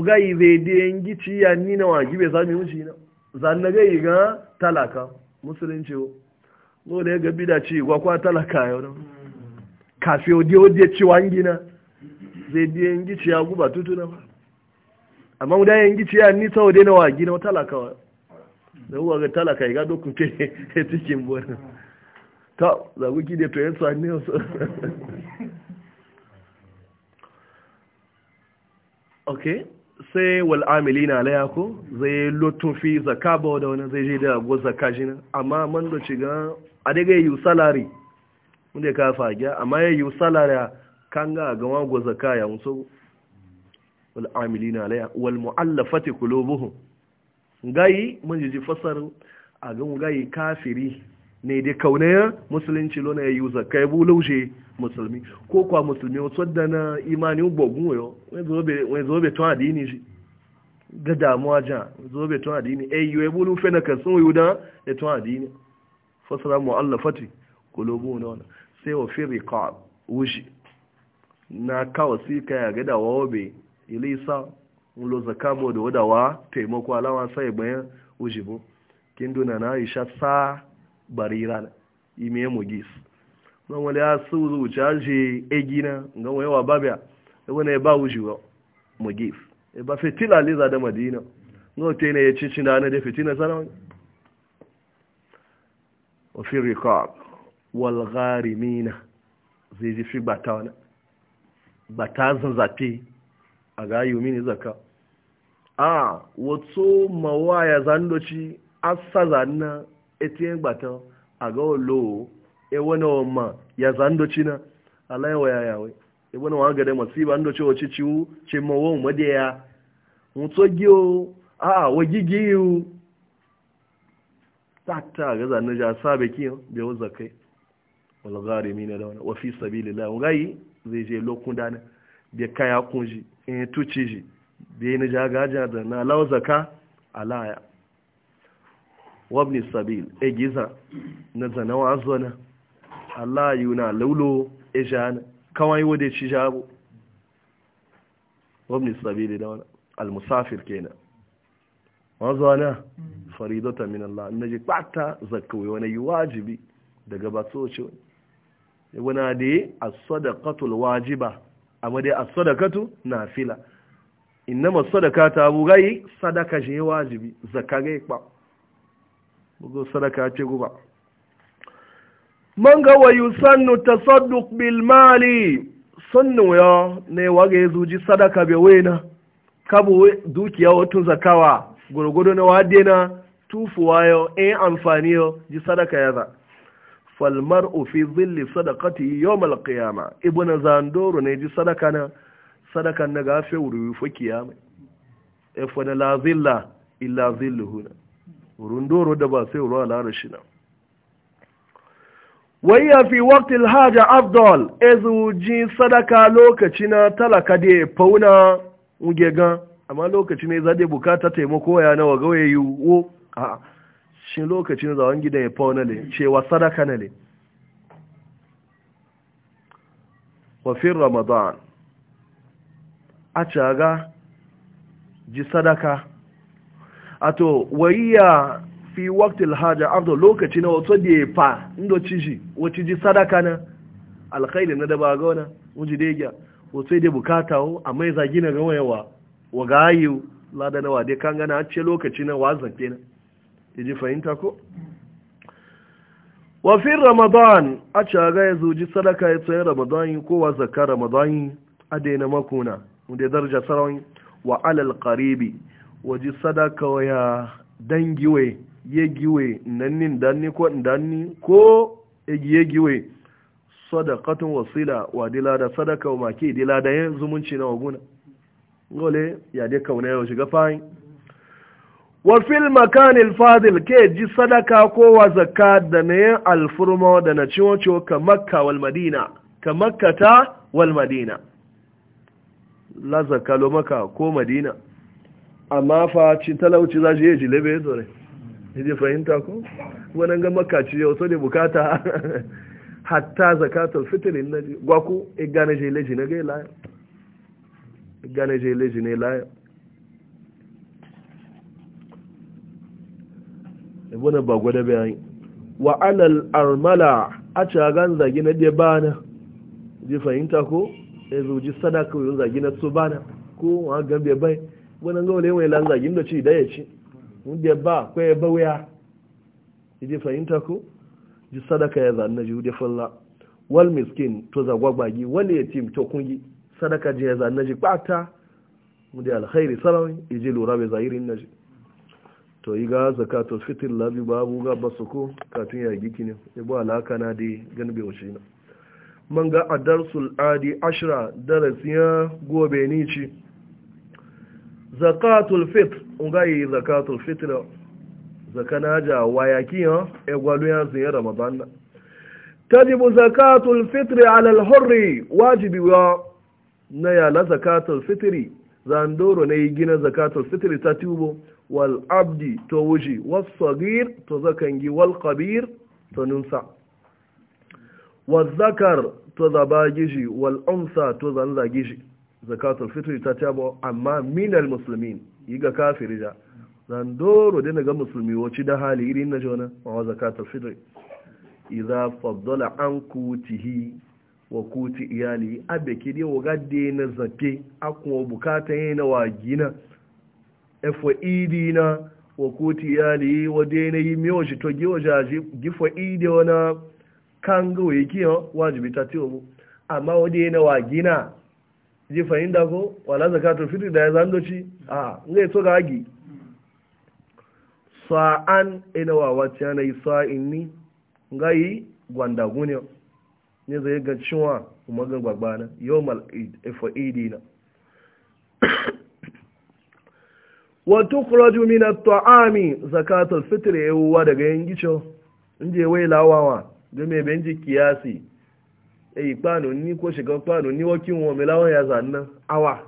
ga yi zai di en ci ya ni na wa gibe za mi na zan na ga yi ga talaka musulunci wo go da ga bida ci gwa kwa talaka yau na kafi odi odi ci wangina zai di en ci ya guba tutuna ba amma mu da gici ya ni sau dai na wagi na talaka wa da uwa ga talaka ya gado kuke ya cikin bora ta za ku kide to yansu ne wasu ok sai wal amili na alaya ko zai lotun fi zaka ba da wani zai je da go zaka shi amma man da shiga a daga yi salari wanda ya kafa gya amma ya yi salari kan ga gawa go zaka ya musu wal amilina alaiha wal mu'allafati qulubuhum gayi mun ji fasaru a gayi kafiri ne da kaunaya musulunci lona ya yuza kai musulmi ko kwa musulmi da na imani gbogun wayo wai zobe adini adini na ya sa, nlo zaka bo da wadawa taimako alawa sai bayan ujibo kin duna na isa sa barira ime mugis don wale ya su zuciya je egina ga wayewa babia e wani ba ujibo mugis e ba fitila liza da madina ngo te ne ya cincin da ana da fitina sana wa fi riqab wal gharimina zai ji fi bata wani bata zan zafi a ga yi mini zaka a wato ya zandoci asa zanna etiyen gbata a ga olowo ewe na wamma ya zandoci na alaiwa ya yawai e ebe na wa gada masiba ndo cewa ci ciwu ce mawo made ya mutu giyo a wagi giyo tata ga zanna ja sabe kiyo da yau zakai wal gharimi na da wani wa fi sabilillah ngai zai je lokun dana da kaya kunji in eh, tuci shi bai ni jagaja da na lauzaka alaya wabni sabil e giza na zanawa zona Allah na laulo e eh, jana kawai wade ci jabo wabni sabil da wani almusafir kenan wazana faridota min Allah ji kwata zakkawi wani yi wajibi daga batsoci wani da yi as-sadaqatul wajiba amma dai as-sadaqatu nafila sadaka ta abu gai sadaka je wajibi zakka gai kwa bugo sadaka ce guba man ga wayu sannu tasadduq bil mali sannu ya ne wage zuji sadaka be wena kabu dukiya wato zakawa gurgudu na wadena tufuwayo yo e amfani ji sadaka ya za falmar ofi zilli sadakati yau ibu na zandoro ne ji sadaka na sadaka na gafe wuri fa kiyama efa na la zilla illa zilli huna wurin doro da ba sai ruwa lara shi na wayya fi waqtil haja afdal ezu ji sadaka lokaci na talaka da ya fauna ugega amma lokaci ne za bukata taimako ya nawa gawayi wo a'a shi lokacin zawon gidan ya fauna ne cewa sadaka na ne wafin ramadan a caga ji sadaka a to ya fi waktil hajja ardo lokaci na wato da ya fa inda ciji wacce ji sadaka na alkhairi na daba gauna wuji gya wato da bukata wo amma mai zagina na gawayawa wa gayu ladanawa dai kan gana a ce lokaci na wazan kenan ji fahimta ko wafin ramadan a caga ya zoji sadaka ya tsaye ramadan kowa zakka ramadan a daina makuna wanda ya daraja sarawin wa alal karibi waji sadaka ya dangiwe yegiwe nannin danni ko danni ko ya giwe sadakatun wasila wa dilada sadaka wa maki dilada ya zumunci na waguna gole ya dai kauna ya shiga fahimta wa fil makanil fadil ke ji sadaka ko wa zakka da na yin alfurma da na ciwo ka makka wal madina ka makkata wal madina la zakka lo maka ko madina amma fa cin talauci za shi yi jilebe ya zore ji fahimta ko wani ga ci yau sani bukata hatta zakatul fitilin na ji, gwaku igana je leji na gai ila igana je leji ne la ibuna ba gwada bayani wa alal armala a cagan zagi na de bana ji fahimta ko ya eh, ji sadaka yau zagi na su bana ko a gambe bai wani ga wale mai zagi da ci da ya ci wanda ba ko ya ba wuya ji fahimta ko ji sadaka ya zanna ji wude falla wal miskin to zagwagwagi wani ya tim to kungi sadaka ji ya zanna ji kwata wanda alkhairi sarawin ji lura bai zahirin na ji to yi ga zakatul fitr labi babu ga ko katun ya giki ne ibo alaka na dai ganbe wace na man ga adarsul adi ashra darasiya gobe ni ci zakatul fitr unga yi zakatul fitr zakana ja ki ha egwalu ya zin ramadan tajibu zakatul fitr ala al hurri wajibi wa na ya la zakatul doro zandoro ne gina zakatul fitiri ta tubo wal abdi to wuji was sagir to zakangi wal kabir to nunsa wal zakar to zaba gishi wal unsa to zanza gishi zakatul fitri ta tabo amma minal muslimin yiga kafir ja zan doro dina ga musulmi wacce da hali irin na jona wa zakatul fitri idza faddala an kutihi wa kuti iyali abeki dai wa dai na zafe akun bukata yana wa gina efo idi na wakuti yali wadene na yi miyoji to gifo idi wana kanga wiki wajibi tati obu amma wade na wa gina ji ko wala zakatul fitr da ya zandoci nge ngai agi gagi sa'an ina wa wacce yana yi sa'in gwanda gune nyeza yega chua cinwa gwagbana ga gbagbana idi e e na wato kuraju mina ta'ami zakatul fitr ya wuwa daga yangicho inje wai lawawa da me benji kiyasi e ipano ni ko shiga pano ni wakin wo milawa ya zanna awa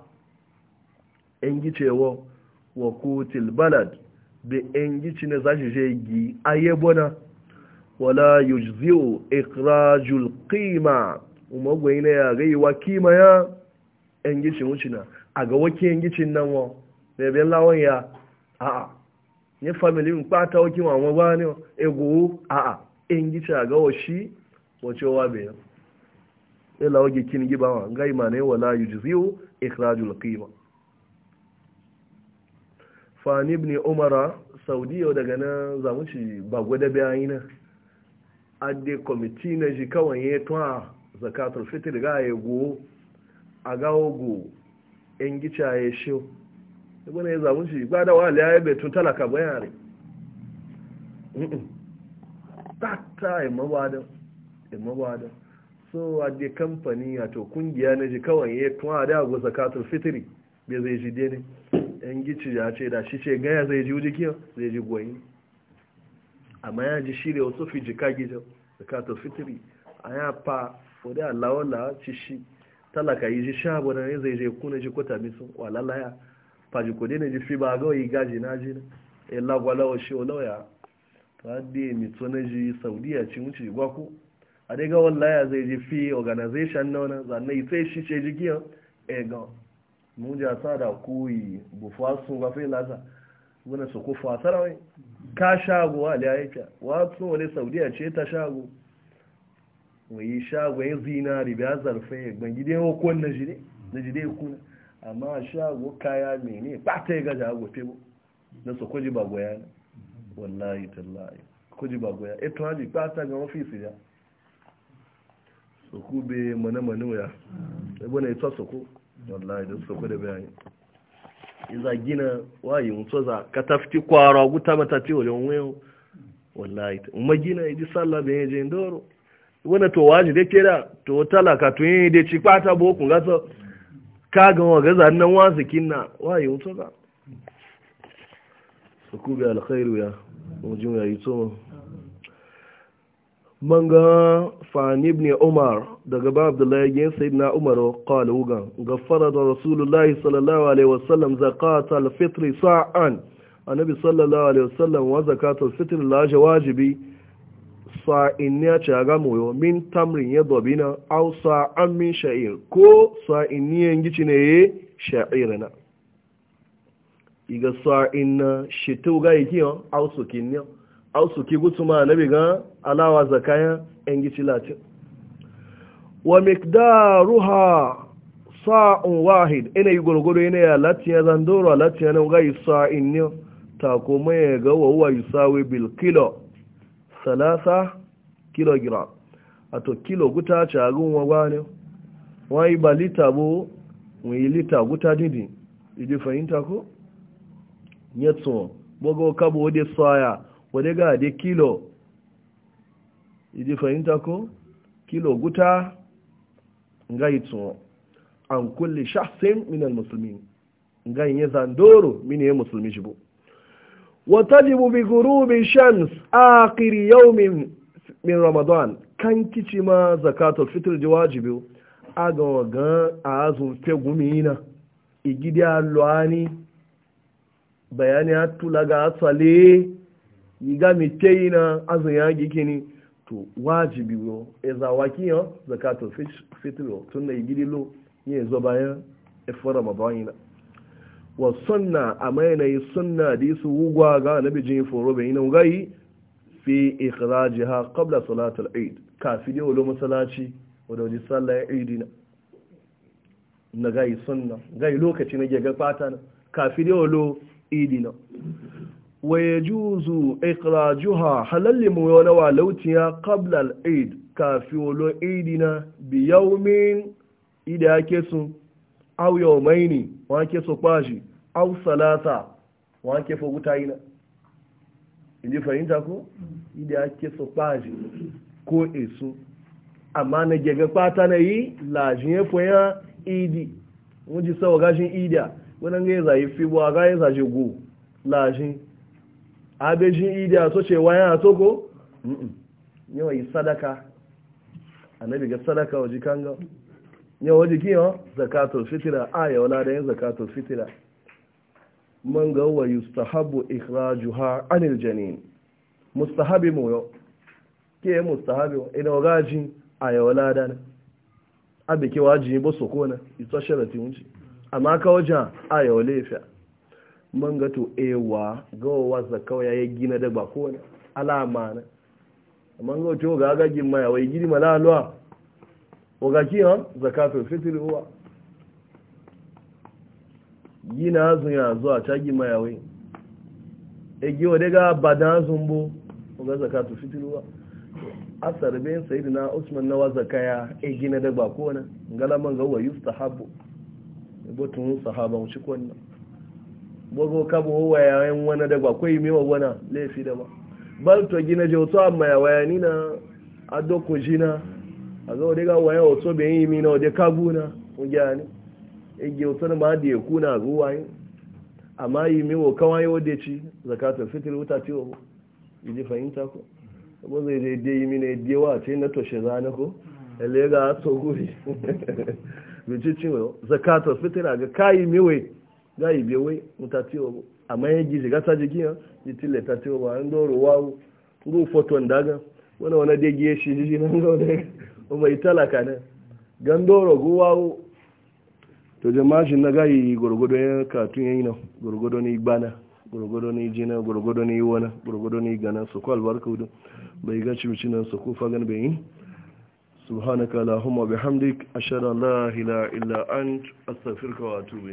yangicho wo wa kutil balad bi yangichi ne zaji jegi ayebona wala yujziu ikrajul qima umogwe ne ya gaiwa kima ya yangichi wucina aga wake yangicin nan wo sai bin lawan ya a'a ni family n pata okin àwọn wa ni ego a'a in gi ta ga oshi wace wa be e lawo gi kin gi ba wa ngai ma ne wala yujziu ikhrajul qima fani ibn umara saudiya daga nan zamu ci ba gwada bayina adde committee na ji kawai ya to zakatul fitr ga ego a ga ogo in gi ya shi ibana ya zamu shi ba da wali ya bai tun talaka bayani tata ya mabada ya mabada so a de kamfani a to kungiya na ji kawai ya kuma da agwa zakatul fitri bai zai ji dene yan gici ya ce da shi ce gaya zai ji wuji kiyo zai ji goyi amma ya ji shirya wasu fi jika gija zakatul fitri a ya fa fode allawala ci shi talaka yi ji sha bana zai je kuna ji kwata misu walalaya pàjù ko dina ji fi ba ga yi gaji na ji na e la gwala mi to na ji saudiya ci mu ci gwa zai fi organization náà na zan yi sai shi ce ji kiyan e ga mu ja sa da kuyi bu fa sun ga fe laza wani su ku fa sarawai ka shago a liyayyaka wasu wani saudiya ce ta shago mai shago yin zinari ba na na amma shago kaya mene ta ya gaja gofe bu na su kuji ba goya ne wallahi tallahi kuji ba goya ito e, haji ta ga ofisi ya su ku be mana mani ya ebe na ito su ku wallahi da su ku da bayani iza e, gina wayi mutu za ka tafi kwara guta mata ce wajen wayo wallahi umar gina iji sallah da yaje ndoro wani to waji da kera to talaka to yin da ci kwata bo kun gasa kagan wa gaza nan wasu kinna waye mutu ba su kube alkhairu ya mujin ya yi tsoma man ga fani ibn umar daga ba abdullahi ya sayi na umaru kawai wuga ga fara da rasulullahi sallallahu alaihi wasallam zakata alfitri sa'an annabi sallallahu alaihi wasallam wa zakata alfitri laje wajibi ni a ce gama yau min tamrin ya na au an min sha'ir ko sa'in yan gici ne ya e sha'ir na iga sa'in na shi tu ga yi kiyan au su kin ne au su ki gutu ma na biga alawa zakaya yan gici latin wa mikdaruha sa'un wahid ina yi gwargwaro ina ya latin ya zandoro latin ya nuga ga yi sa'in ne ta kuma ya ga wa wa yi sawe bilkilo salasa kilogram ato kilo guta cagun wawa wa yi ba lita bo yi lita guta didi idi fahimta ko yatsun gbogbo kabo wade saya wade ga de kilo idi fahimta ko kilo guta nga yatsun an kulle shahsin minal Musulmi, nga yin zandoro mini ya musulmi shi wata jibu bi gurubin shams akhir yawmin min ramadan kan kici ma zakatul fitr ji wajibi a ga ga a azurfe gumina igidi alwani bayani a tulaga asale yiga miteyi na azun ya gikini to wajibi yo e zawaki yo zakatul fitr tun na igidi lo e ya zo e bayan efo ramadan yana wa sunna a mai na yi sunna da yi su wugwa ga nabi jin foro bai yi na fi ha qabla salatul eid kafi dai masalaci masallaci wanda waje ya eid na na gai sunna gai lokaci na ga fata na kafi dai lo eid na wa yajuzu ikhrajuha halal limu wala walautiya qabla al eid kafi lo eid na bi yawmin ida ake su aw yawmaini wa yake su kwashi aw salata wa yake foguta ina inji fahimta ko ida ake so kwaji ko eso amma na gege kwata na yi lajin ya foya idi mun ji sawa gashin ida wani ga fi ce waya yi sadaka sadaka waje waje zakatul fitira a yawa da yin fitira man ga wa yustahabu ikhrajuha anil janin mustahabi mu yo ke mustahabi ina gaji ayo ladan abe ke waji bo sokona ito sharati unji amma ka waja ayo lefa man ga to ewa ga wa zakawa ya gina da ba ko alama na amma ga to ga gagin mai wai gidi malalwa wa ga ki ha zakatul fitr huwa gina azun ya zuwa cagi mayawai egi wa daga badan azun bo ga zakatu fitiluwa asar sayidu na usman na zakaya e gina da ba ko na galaman ga wa yustahabu botun sahaba wuce shi konna gbogbo kabo wa yayin wani da ba koyi mewa wana laifi da ba bal to gina je to amma ya wayani na adoko jina a ga daga waya wato bai yi mi na de kun mu gani ege ma da ya kuna ruwa yi amma yi mewa kawai wadda ci zakatar fitir wuta ce wa ji fahimta ko abu zai zai dai yi mini dewa ce na toshe zana ko ele ga so guri bici ci wa zakatar fitir ga kayi mewa ga yi bewai wuta ce wa amma ya gizi gasa jiki ya yi tile ta ce wa an doro wawo ruru foton daga wani wani dai giye shi jiji nan ga wani mai talaka ne gandoro guwawo to jama'a na gayi gurgudu ya katun yayi na gurgudu ne bana gurgudu ne jina gurgudu ne wana gurgudu ne gana su ko albarka wudu bai ga cimci nan su kufa gan bai subhanaka allahumma bihamdik ashara la ilaha illa ant astaghfiruka wa atubu